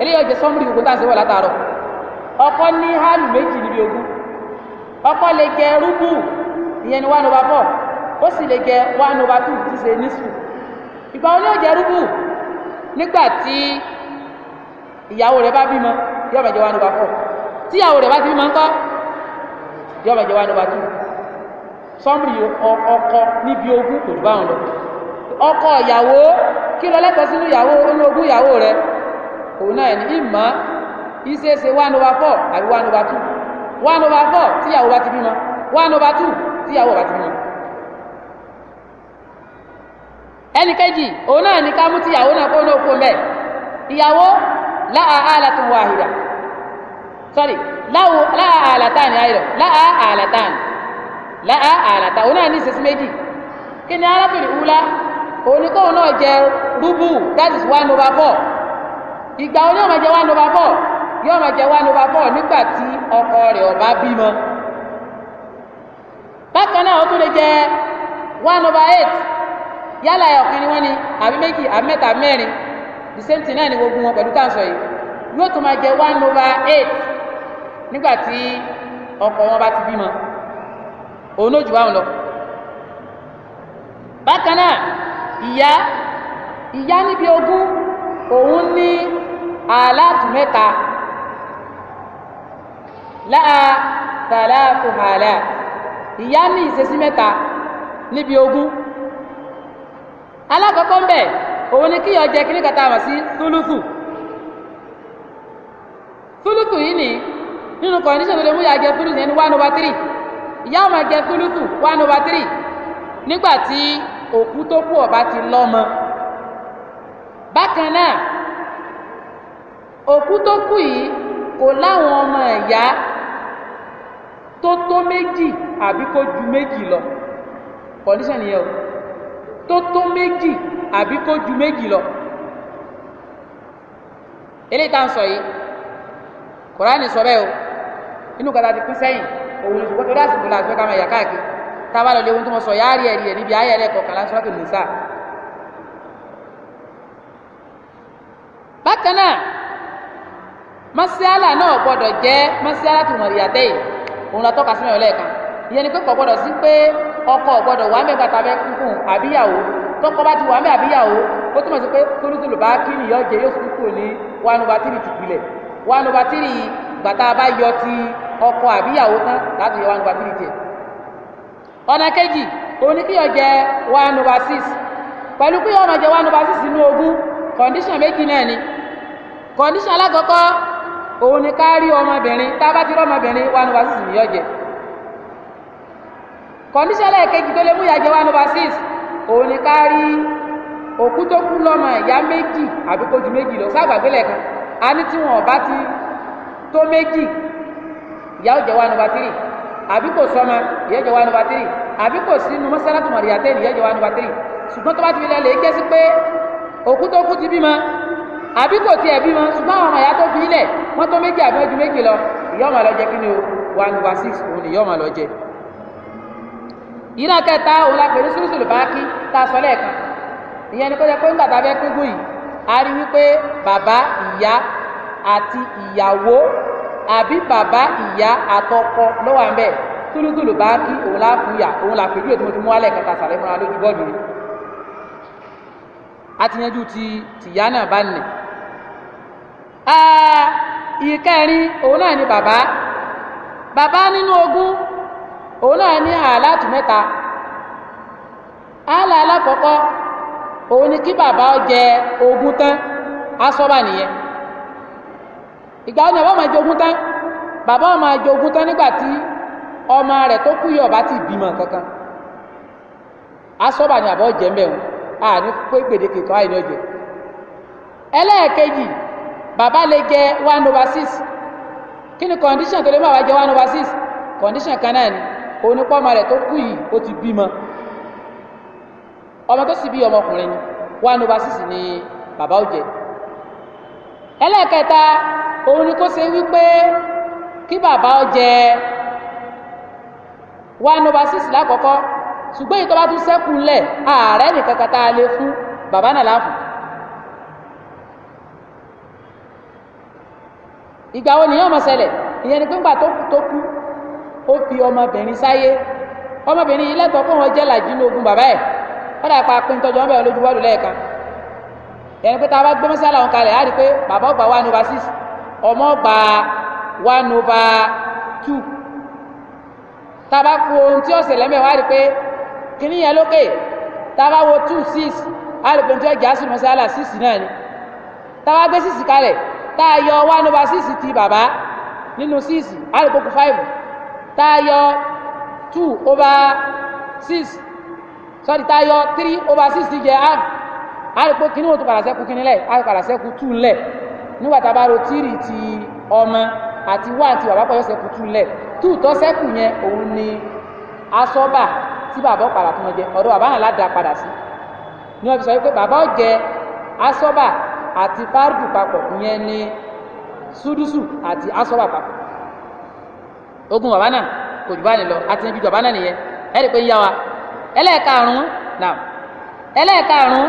eléyìí ọjọ́ sọmúlì gbogbo tá à ń sèwọ látàárọ̀ ọkọ ní hálù méjì níbi ogún ọkọ lè jẹ rúbù ìyẹn ni one over four ó sì lè jẹ one over two ti ṣe nísù ìgbà wo ni ó jẹ rúbù nígbà tí ìyàwó rẹ̀ bá bímọ yọọ máa jẹ one over four tíyàwó rẹ̀ bá ti bímọ ńkọ́ yọọ máa jẹ one over two sọmrì ọkọ níbi ogún kò bá wọn lọ ọkọ ìyàwó kí lọ lẹ́tọ̀ọ́ sínú ìyàwó inú ogún ìyàwó rẹ òun náà ní ìmọ̀ ìṣeéṣe one over four àbí one over two one over four tíyàwó bá ti bímọ one over two tíyàwó bá ti bímọ. ẹnì kejì òun náà ní ká mú tíyàwó náà kó lóko mẹ ìyàwó láà àlàtún wàhídà sorry láà àlàtàn ni àyẹ̀rọ láà àlàtàn láà àlàtà òun náà ní ìṣesí méjì kí ni arábìnrin wúlá òun ni kóun náà jẹ rúbù that is one over four ìgbà òun yóò máa jẹ one over four yóò máa jẹ one over four nígbà tí ọkọ rẹ̀ ọba bímọ bákan náà ó tún lè jẹ one over eight yálà ẹ̀ ọ̀kan ni wọ́n ni àbí méjì àbí mẹ́ta àbí mẹ́rin the same thing náà ni gbogbo wọn pẹ̀lú táǹsọ̀ yìí yóò tún máa jẹ one over eight nígbà tí ọkọ wọn bá ti bímọ òun ló jù báwọn lọ bákan náà ìyá ìyá níbi ogún òun ní aláàtù mẹ́ta láà tàlàkù hàlà ìyá ní ìṣesí mẹ́ta níbi ogún alákọ̀ọ́kọ́ ń bẹ̀ òun ni kíyọ̀ jẹ kíní kata sí túlùtù túlùtù yìí ni nínú kọ̀ọ̀níṣẹ̀ tó lè mú yà jẹ túlùtù yẹn ní one ìyá ọmọ jẹ kúlùkù one over three nígbà tí òkú tó kú ọba ti lọ́mọ bákan náà òkú tó kú yìí kò láwọn ọmọ ìyá tó tó méjì àbí kó ju méjì lọ condition yẹn o tó tó méjì àbí kó ju méjì lọ eléyìí tá à ń sọ yìí kòránì sọ bẹ́ẹ̀ o inú kàtà ti pín sẹ́yìn òun ṣùgbọ́n torí àsìkò la àṣìfẹ́ ká máa yà káàkiri táwa lọ lé ohun tó mọ sọ yáa rí ẹ̀rí rẹ̀ níbi ayé ẹlẹ́kọ̀ọ́kànlá sọ́tò nìsà. bákan náà masiala náà gbọ́dọ̀ jẹ́ masiala tó mọ̀rì àtẹ́ yìí òun la tọ́ka sínú ẹ̀lẹ́ẹ̀kan ìyẹn ni pé kò gbọ́dọ̀ sí pé ọkọ gbọ́dọ̀ wà mẹ́gbà tàbí kúkùn àbíyàwó tọkọ bá ti wà mẹ́ àbíyàwó ó túmọ̀ sí pé tólútòlù bá kí nìyọ́ jẹ yóò fi kúrò ní one over three tìpìlẹ̀ one over gbàtà bá yọ ti ọkọ àbíyàwó tán láti yọ one over three tiẹ̀ ọ̀nà kejì oníkíyọ jẹ one over six pẹ̀lú kíyọ ọmọ jẹ one over six inú ogún condition méjì náà ni condition alákọ̀ọ́kọ́ òun ni ká rí ọmọbìnrin tá a bá ti rí ọmọbìnrin one over six nìyọ jẹ condition alákejì tó lè mú ìyá jẹ one over six òun ni ká rí òkú tó kú lọ́mọ ìyá méjì àbí kó ju méjì lọ ságbàgbélẹ̀ kan a ní tí wọn ò ti tó méjì ìyá ó jẹ́ wá nọmba tírì àbí kò sọma ìyá ó jẹ́ wá nọmba tírì àbí kò sí nu mọ́sálásí mọ̀rìyàtẹ́ ìyá ó jẹ́ wá nọmba tírì ṣùgbọ́n tó bá ti fi lẹ́lẹ̀ jẹ́ sí pé òkú tó kú ti bímọ àbí kò tiẹ̀ bímọ ṣùgbọ́n àwọn ọmọ ìyá tó fi ilẹ̀ wọ́n tó méjì àbí wọ́n méjì lọ ìyá lọ jẹ kí ni o one over six òun ni ìyá lọ jẹ yìí kẹta òun la pẹ̀lú tá a sọ lẹ́ẹ̀kan ìyẹn ni pé pé ńgbà tá a fẹ́ pín gùn yìí a àti ìyàwó àbí bàbá ìyá àtọkọ lọ́wọ́ àmbẹ̀ túlùtùlù bá kí òun láfúyà òun làpèjú ètò mọ́tò mọ́wálẹ̀ kẹta sàlẹ̀ mọ́ra lójú bọ́ọ̀dù rẹ̀ àtìyànjú ti tìyá náà bá nì ìkẹrin òun náà ni bàbá bàbá nínú ogún òun náà ní àláàtù mẹ́ta àlà alákọ̀ọ́kọ́ òun ni kí bàbá jẹ ogún tán asọ́bà nìyẹn ìgbà ni bàbá máa jogún tán bàbá máa jogún tán tó kú yìí ọba ti bímọ kankan asọ́bà ni àbọ̀ jẹ́ mbẹ́ wọn a ní pé gbèdéke kan àìní bàbá lè jẹ one over six kí ni condition tó lè wá jẹ one over six condition kan náà ni onípọ́mọ rẹ̀ tó kú yìí ó ti bímọ ọmọ tó sì bí ọmọkùnrin ni one over six òun ni kó ṣe wípé kí bàbá ọ jẹ one over six lákọ̀ọ́kọ́ ṣùgbọ́n èyí tó bá tún sẹ́kù lẹ̀ ààrẹ nìkan kan tá a lè fún bàbá náà láàfún. ìgbà wo nìyẹn ọmọ ṣẹlẹ̀ ìyẹn ni pé ńgbà tó kú ó fi ọmọbìnrin sáyé ọmọbìnrin yìí lẹ́tọ̀ọ́ kó wọn jẹ́ làjínlógún bàbá ẹ̀ wọ́n dà pa píntọ́jọ́ ọmọ ẹ̀ lójú bọ́ọ̀lù lẹ́ẹ̀kan ẹni pé tá a bá gbé mọ́sálà òun kalẹ̀ á rí i pé bàbá ọgbà wà ní over six ọmọ bá one over two tába ku ohun tí ọ̀sẹ̀ lẹ́mẹ̀ wá rí pé kíní yẹn lókè tába two six á rí pé ohun tí ọjà sùn six náà ni tába six kalẹ̀ tá a yọ one over six ti bàbá nínú six á rí five tá a yọ two over six sọ́ni tá a yọ three over six ti jẹ́ half á rí pé kíní wọn tó padà sẹ́kù kíní lẹ̀ á rí padà sẹ́kù two lẹ̀ nígbà tá a bá ro tírì ti ọmọ àti wá àti bàbá pẹ̀lú ọ̀sẹ̀kù túlẹ̀ tú tọ́ sẹ́kù yẹn òun ni asọ́bà tí bàbá padà fún wọn jẹ ọ̀dọ̀ bàbá náà ládàá padà sí ni wọ́n fi sọ pé bàbá jẹ asọ́bà àti fárúdù papọ̀ ìyẹn ni súdúsù àti asọ́bà papọ̀ ogun bàbá náà kò jù bá ní lọ àti ibi bàbá náà nìyẹn ẹ rí i pé ń yá wa ẹlẹ́ẹ̀karùn-ún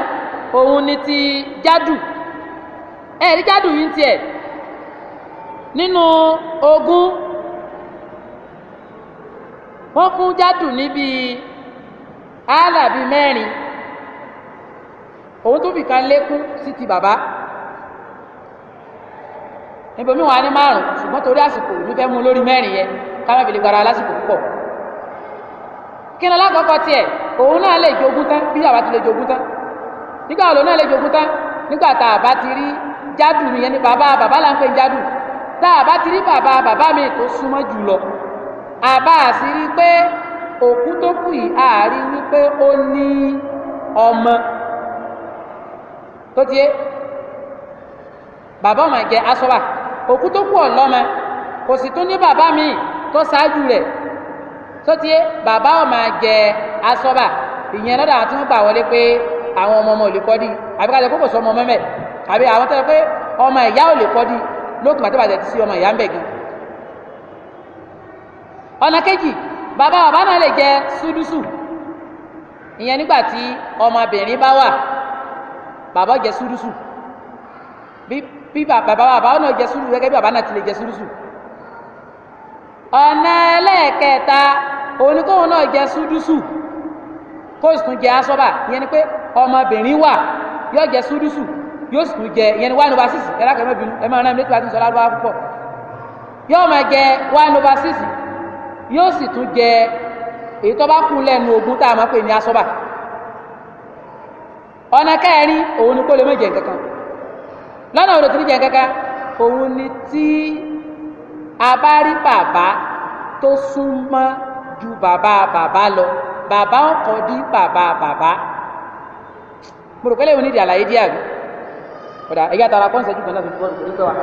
òun ni ti jádù ẹ̀rí jádùn yìí ń tiẹ̀ nínú ogún wọ́n fún jádùn níbi áàlà bíi mẹ́rin òun tó fi kan sí ti bàbá ibomi wà ní márùn ṣùgbọ́n torí àsìkò ìlú fẹ́ mú lórí mẹ́rin yẹn káwọn lè gbára lásìkò púpọ̀ kí ni òun náà lè jogún tán bí àwa ti lè jogún tán nígbà wo lòun náà lè jádù nìyẹn ni bàbá bàbá là ń pè jádù tá a bá ti rí bàbá bàbá mi tó súnmọ́ jù lọ àbá sì rí i pé òkú tó kù yìí àárín wípé ó ní ọmọ tó tiẹ̀ bàbá ọmọ jẹ asọ́wà òkú tó kù ọ̀lọ́mọ kò sì tún ní bàbá mi tó ṣáájú rẹ̀ tó tiẹ̀ bàbá ọmọ jẹ asọ́wà ìyẹn lọ́dọ̀ àwọn tí gbà wọlé pé àwọn ọmọ ọmọ ò lè kọ́ di àbíkájọ kókò sọ ọmọ mẹ́mẹ́ àbí àwọn tó yẹ pé ọmọ ìyá ò lè kọ́dí lókùn àti bàtẹ́ ti sí ọmọ ìyá ń bẹ̀ gan. ọ̀nà kejì bàbá bàbá náà lè jẹ súdúsù ìyẹn nígbà tí ọmọbìnrin bá wà bàbá jẹ súdúsù bí bàbá bàbá náà jẹ súdúsù gẹ́gẹ́ bí bàbá náà ti lè jẹ súdúsù. ọ̀nà ẹlẹ́ẹ̀kẹta oníkóhun náà jẹ súdúsù kóòsì tún jẹ asọ́bà ìyẹn ni pé ọmọbìnrin wà yóò jẹ súdúsù yóò sì tún jẹ ìyẹn ni one over six ẹ̀rọ akẹ́kọ̀ọ́ bínú ẹ̀ máa rán mi létí wàá ti sọ lárúbáwá púpọ̀ yóò máa jẹ one over six yóò sì tún jẹ èyí tó bá kú lẹ́nu ogún tá a máa pè ní asọ́bà ọ̀nà kẹrin òun ni kó lè má jẹ kankan lọ́nà òde tó ní jẹ kankan òun ni tí a bàbá tó súnmọ́ ju bàbá bàbá lọ bàbá ọkọ̀ dí bàbá bàbá mo rò pé lè wọ́n ní ìdí àlàyé díẹ̀ ọ̀dà ẹ̀yà tara kọ́ńsẹ̀jú kan náà fi fọ́ọ̀rù kò ní pẹ́ wà.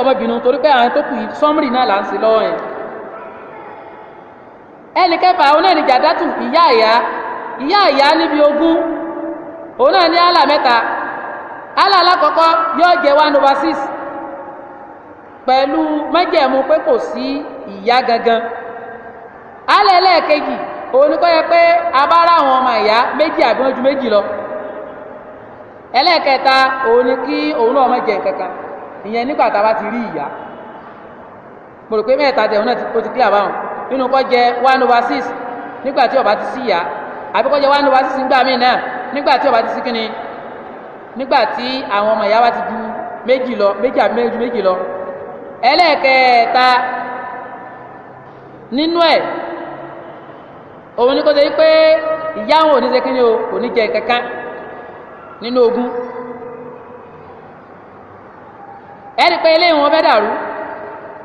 ẹ̀dàkùn ọmọ bínú torí pé àwọn tó kù náà là ń ṣe ẹnì kẹfà òun ìyá àyà. ìyá àyà níbi ogún òun náà ní àlà mẹ́ta àlà alákọ̀ọ́kọ́ yóò jẹ́ one over six pẹ̀lú májẹ̀mú pé kò sí ìyá gangan àlà òun ní kọ́ yẹ pé a ọmọ méjì àbí wọn méjì lọ òun ní kí òun náà jẹ kankan. ìyẹn nígbà tá a bá ti rí ìyá mo rò pé mẹ́ta jẹun náà ó ti clear báwọn nínú kọ́ jẹ one over six nígbà tí ó bá ti sí ìyá àbí kọ́ jẹ one over six nígbà míì náà nígbà tí ó bá ti sí kínni nígbà tí àwọn ọmọ ìyá wa ti ju méjì lọ méjì àbí méjì méjì lọ ẹlẹ́ẹ̀kẹta nínú ẹ̀ òun ni kò ṣe pé ìyá wọn ò ní ṣe kínni o kò ní jẹ kankan nínú ogún. wọn fẹ́ dàrú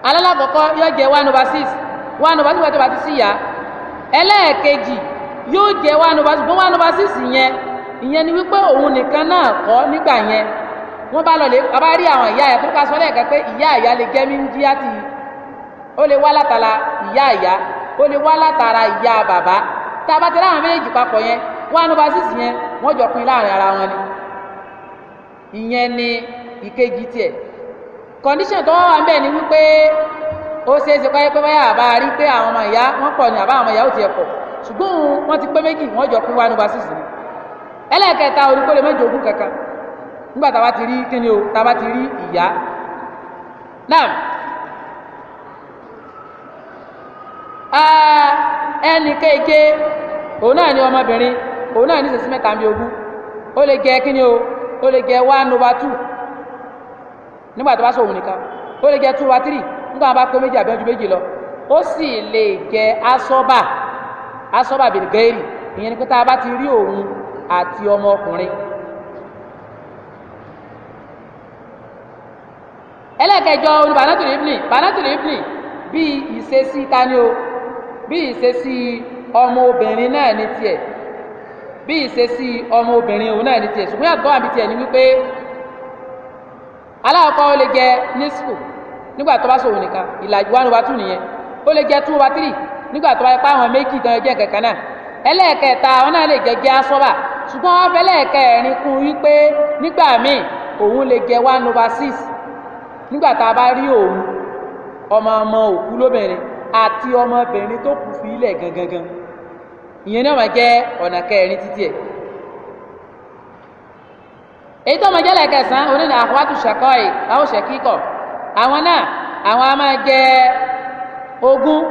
alálàkọ́kọ́ yóò jẹ́ one over six one over six wọ́n ti bá ti sí ya ẹlẹ́ẹ̀kejì yóò jẹ́ one over six bó one over six yẹn ìyẹn ni wípé òun nìkan náà kọ́ nígbà yẹn wọ́n bá lọ lè bá rí àwọn ìyá ẹ̀ fúnka sọ lẹ́ẹ̀kan pé ìyá ìyá lè jẹ́ mí ń jí àti ó lè wá látara ìyá ìyá ó lè wá látara ìyá bàbá tá a bá ti láwọn méjèèjì papọ̀ yẹn one over six yẹn wọ́n jọ pin láàrin ara wọn ni ìyẹn ni ìkejì tiẹ̀ condition tó wà ń ni wípé ó ṣeé ṣe pé báyà bá rí pé àwọn ọmọ ìyá wọn pọ̀ ní àbá àwọn ìyá pọ̀ ṣùgbọ́n ti pé méjì jọ ni ẹlẹ́ẹ̀kẹta méjì ogún a bá ti rí kíni o tá ti rí ìyá náà ẹnì kéèké òun náà ni ọmọbìnrin òun náà ní sèṣin mẹ́ta mi ogún ó lè o ó lè one over two. nígbà tó bá sọ òun nìkan ó lè jẹ two over three nígbà wọn bá kó méjì àbíọ́jú méjì lọ ó sì lè jẹ asọ́bà asọ́bà bìrìgẹ́rì ìyẹn ni pé tá a bá ti rí òun àti ọmọ ọkùnrin ẹlẹ́kẹjọ olùbánátìlì ibni bánátìlì ibni bíi ìṣesí tani o bíi ìṣesí ọmọ obìnrin náà ní tiẹ̀ bíi ìṣesí ọmọ obìnrin òun náà ní tiẹ̀ ṣùgbọ́n àgbọ̀n àbí tiẹ̀ ni wípé ala ọkọ o le nísìkò nígbà tó bá sòwò nìkan ìlàjì one over two o le jẹ two over three nígbà tó bá yẹ pé àwọn méjì kankan jẹ jẹ́ asọ́bà ṣùgbọ́n wọn fẹ́ lẹ́ẹ̀kẹrin òun jẹ one over six nígbà tá a bá òun ọmọ ọmọ òkú lóbìnrin àti ọmọbìnrin tó kù fi gangan ìyẹn èyí tó máa jẹ́ lẹ́ẹ̀kẹsàn-án oní ní àhùwátù ṣẹ̀kọ́ yìí báwo ṣẹ̀ kíkọ̀ àwọn náà àwọn a máa jẹ ogún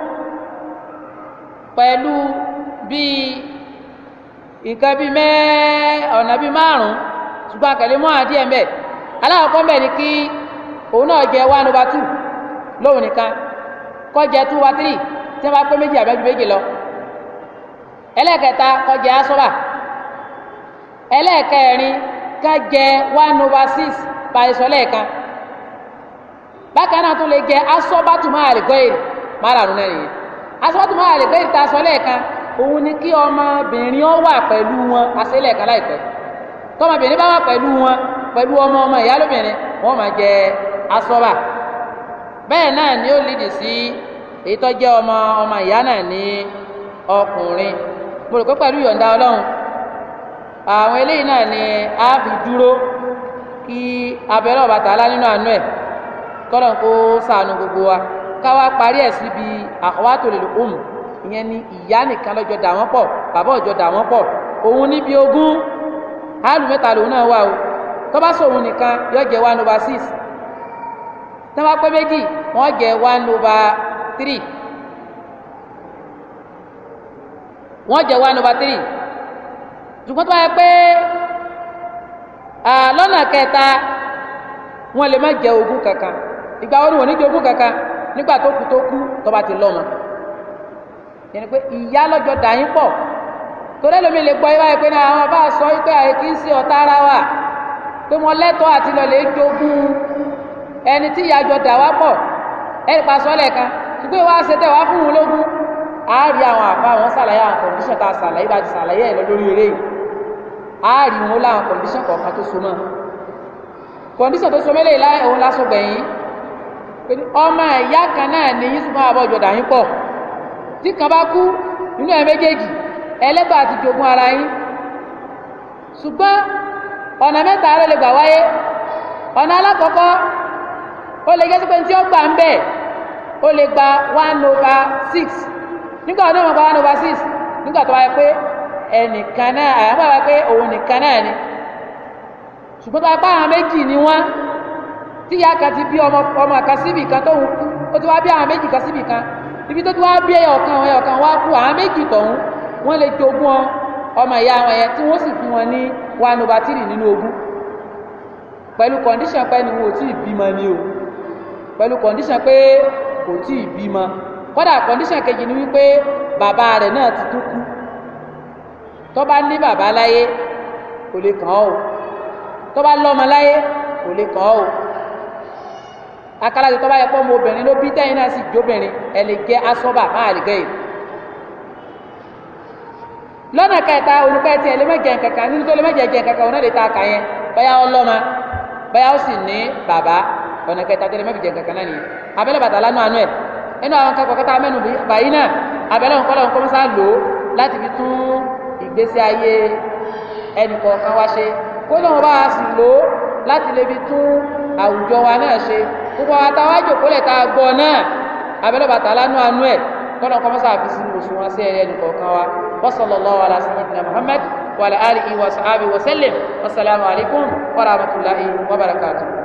pẹ̀lú bíi nǹkan bíi mẹ́ẹ́ ọ̀nà bíi márùn-ún ṣùgbọ́n àkàlẹ́ mọ́ àdíẹ̀ mbẹ́ aláwọ̀kọ́ mbẹ́ ni kí òun náà jẹ one over two lóhùn nìkan kó jẹ two over three tí wọ́n bá pé méjì àbẹ́jú méjì lọ ẹlẹ́ẹ̀kẹta kó jẹ asọ́bà ẹlẹ́ẹ̀kẹrin ká jẹ one over six báyìísọ lẹ́ẹ̀kan bákan náà tó lè jẹ asọ́bátùmọ́ àlẹ́gọ́yèrè márààrún asọba nìyẹn asọ́bátùmọ́ àlẹ́gọ́yèrè tá a sọ lẹ́ẹ̀kan òun ni kí ọmọbìnrin ọ wà pẹ̀lú wọn àṣẹlẹ̀kan láìpẹ́ tọmọbìnrin bá wà pẹ̀lú wọn pẹ̀lú ọmọ ọmọ ìyálóbìnrin wọn máa jẹ asọba náà ni ó sí ọmọ ọmọ ìyá náà ní ọkùnrin mo rò pé ọlọ́run àwọn eléyìí náà ni a fi dúró kí abẹ́rẹ́ ọ̀bàtà alá nínú àánú ẹ̀ kọ́nà kó sànù gbogbo wa káwá parí ẹ̀ síbi àkọ́wátò lè umm, lòkùn ìyẹn ni ìyá nìkan lọ́jọ́ dà wọ́n pọ̀ bàbá ọ̀jọ́ dà wọ́n pọ̀ òun níbi ogún áàlù mẹ́ta lòun náà wà o tó sọ òun nìkan yóò jẹ́ one over six tó bá pẹ́ méjì wọ́n jẹ́ one over three wọ́n jẹ́ one over three ṣùgbọ́n tó bá yẹ pé lọ́nà kẹta wọn lè má jẹ ogún kankan ìgbà wo ni wọn ní jẹ ogún kankan nígbà tó kú tó kú tó bá ti lọ́mọ yẹn pé ìyá lọ́jọ́ dà yín pọ̀ torí ẹlòmíì lè gbọ́ ibà yẹn pé náà àwọn bá sọ wípé àyèkí ń sí ọ̀tá ara wa pé mo lẹ́tọ̀ọ́ àti lọ́lẹ̀ jogún ẹni tí ìyá jọ dà wá pọ̀ ẹni pa sọ́lẹ̀ ṣùgbọ́n ìwà ṣètẹ̀ wá fún un lógún àárí àwọn àbá àwọn ṣàlàyé àwọn kọ̀ǹdíṣọ̀ tá a ṣàlàyé bá ti ṣàlàyé ẹ̀ lọ lórí eré yìí a rí wọn láwọn kọ̀ǹdíṣàn tó so mọ́ kọ̀ǹdíṣàn tó so mẹ́lẹ̀ láì òun lásán ọmọ ìyá kan náà ní yín súnmọ́ àbọ̀jọ̀ yín pọ̀ tí kan bá kú nínú ẹ̀ méjèèjì ara yín ṣùgbọ́n ọ̀nà mẹ́ta ló lè gbà wáyé ọ̀nà alákọ̀ọ́kọ́ ó lè sípé tí gbà ń bẹ̀ ó lè gba one over six nígbà ẹnìkan náà àyàmọ́ wa pé òun nìkan náà ni ṣùgbọ́n tó apá àwọn méjì ni wọ́n tí ìyá kan ti bí ọmọ ọmọ kan síbì kan tó ń kú ó ti wá bí àwọn méjì kan síbì kan ibi tó ti wá bí ẹyọ kan ẹyọ kan wá kú àwọn méjì tọ̀hún wọ́n lè jogún ọmọ ìyá wọn yẹn tí wọ́n sì fún wọn ní one over three nínú ogún pẹ̀lú condition pé ni wọn ò tí ì bímọ ni o pẹ̀lú condition pé kò tí ì bímọ kódà condition kejì ni wípé bàbá rẹ̀ náà ti tó kú tó bá ní bàbá láyé kò lè kàn ọ́ o tó bá lọ́mọ láyé kò lè kàn ọ́ o akálàjọ tó bá yẹ pé ọmọ obìnrin ló bí tẹ́yìn náà sì jóbìnrin ẹ lè gẹ asọ́bà máa lè gẹ yìí lọ́nà kẹta olùkọ́ ẹtì ẹ̀ lè mẹ́jẹ kankan nínú tó lè mẹ́jẹ jẹ kankan ọ̀nà lè ta àkà yẹn báyà ó lọ́mọ báyà ó sì ní bàbá ọ̀nà kẹta tó lè mẹ́jẹ kankan náà nìyẹn abẹ́lẹ̀ bàtà lánàá àánú ẹ̀ ẹnu àwọn kankan kẹta mẹ́nu bàyí náà abẹ́lẹ̀ òǹkọ́lọ́ òǹkọ́mọ́sá ìgbésí ayé ẹnìkọ̀ọ̀kan wa ṣe kó lóun bá a sì lò ó láti lè fi tún àwùjọ wa náà ṣe gbogbo àwọn táwa jòkólẹ̀ tá a gbọ́ náà abẹ́lẹ́bà tá a lánú àánú ẹ̀ kọ́nà kọ́mọ́sá àfi sínú òṣùwọ̀n sí ẹ̀rẹ́ ẹnìkọ̀ọ̀kan wa wasallallahu ala sayyidina muhammad wa ala alihi wa sahabi wa sallim wasalaamu alaykum wa rahmatulahi wa barakatuh.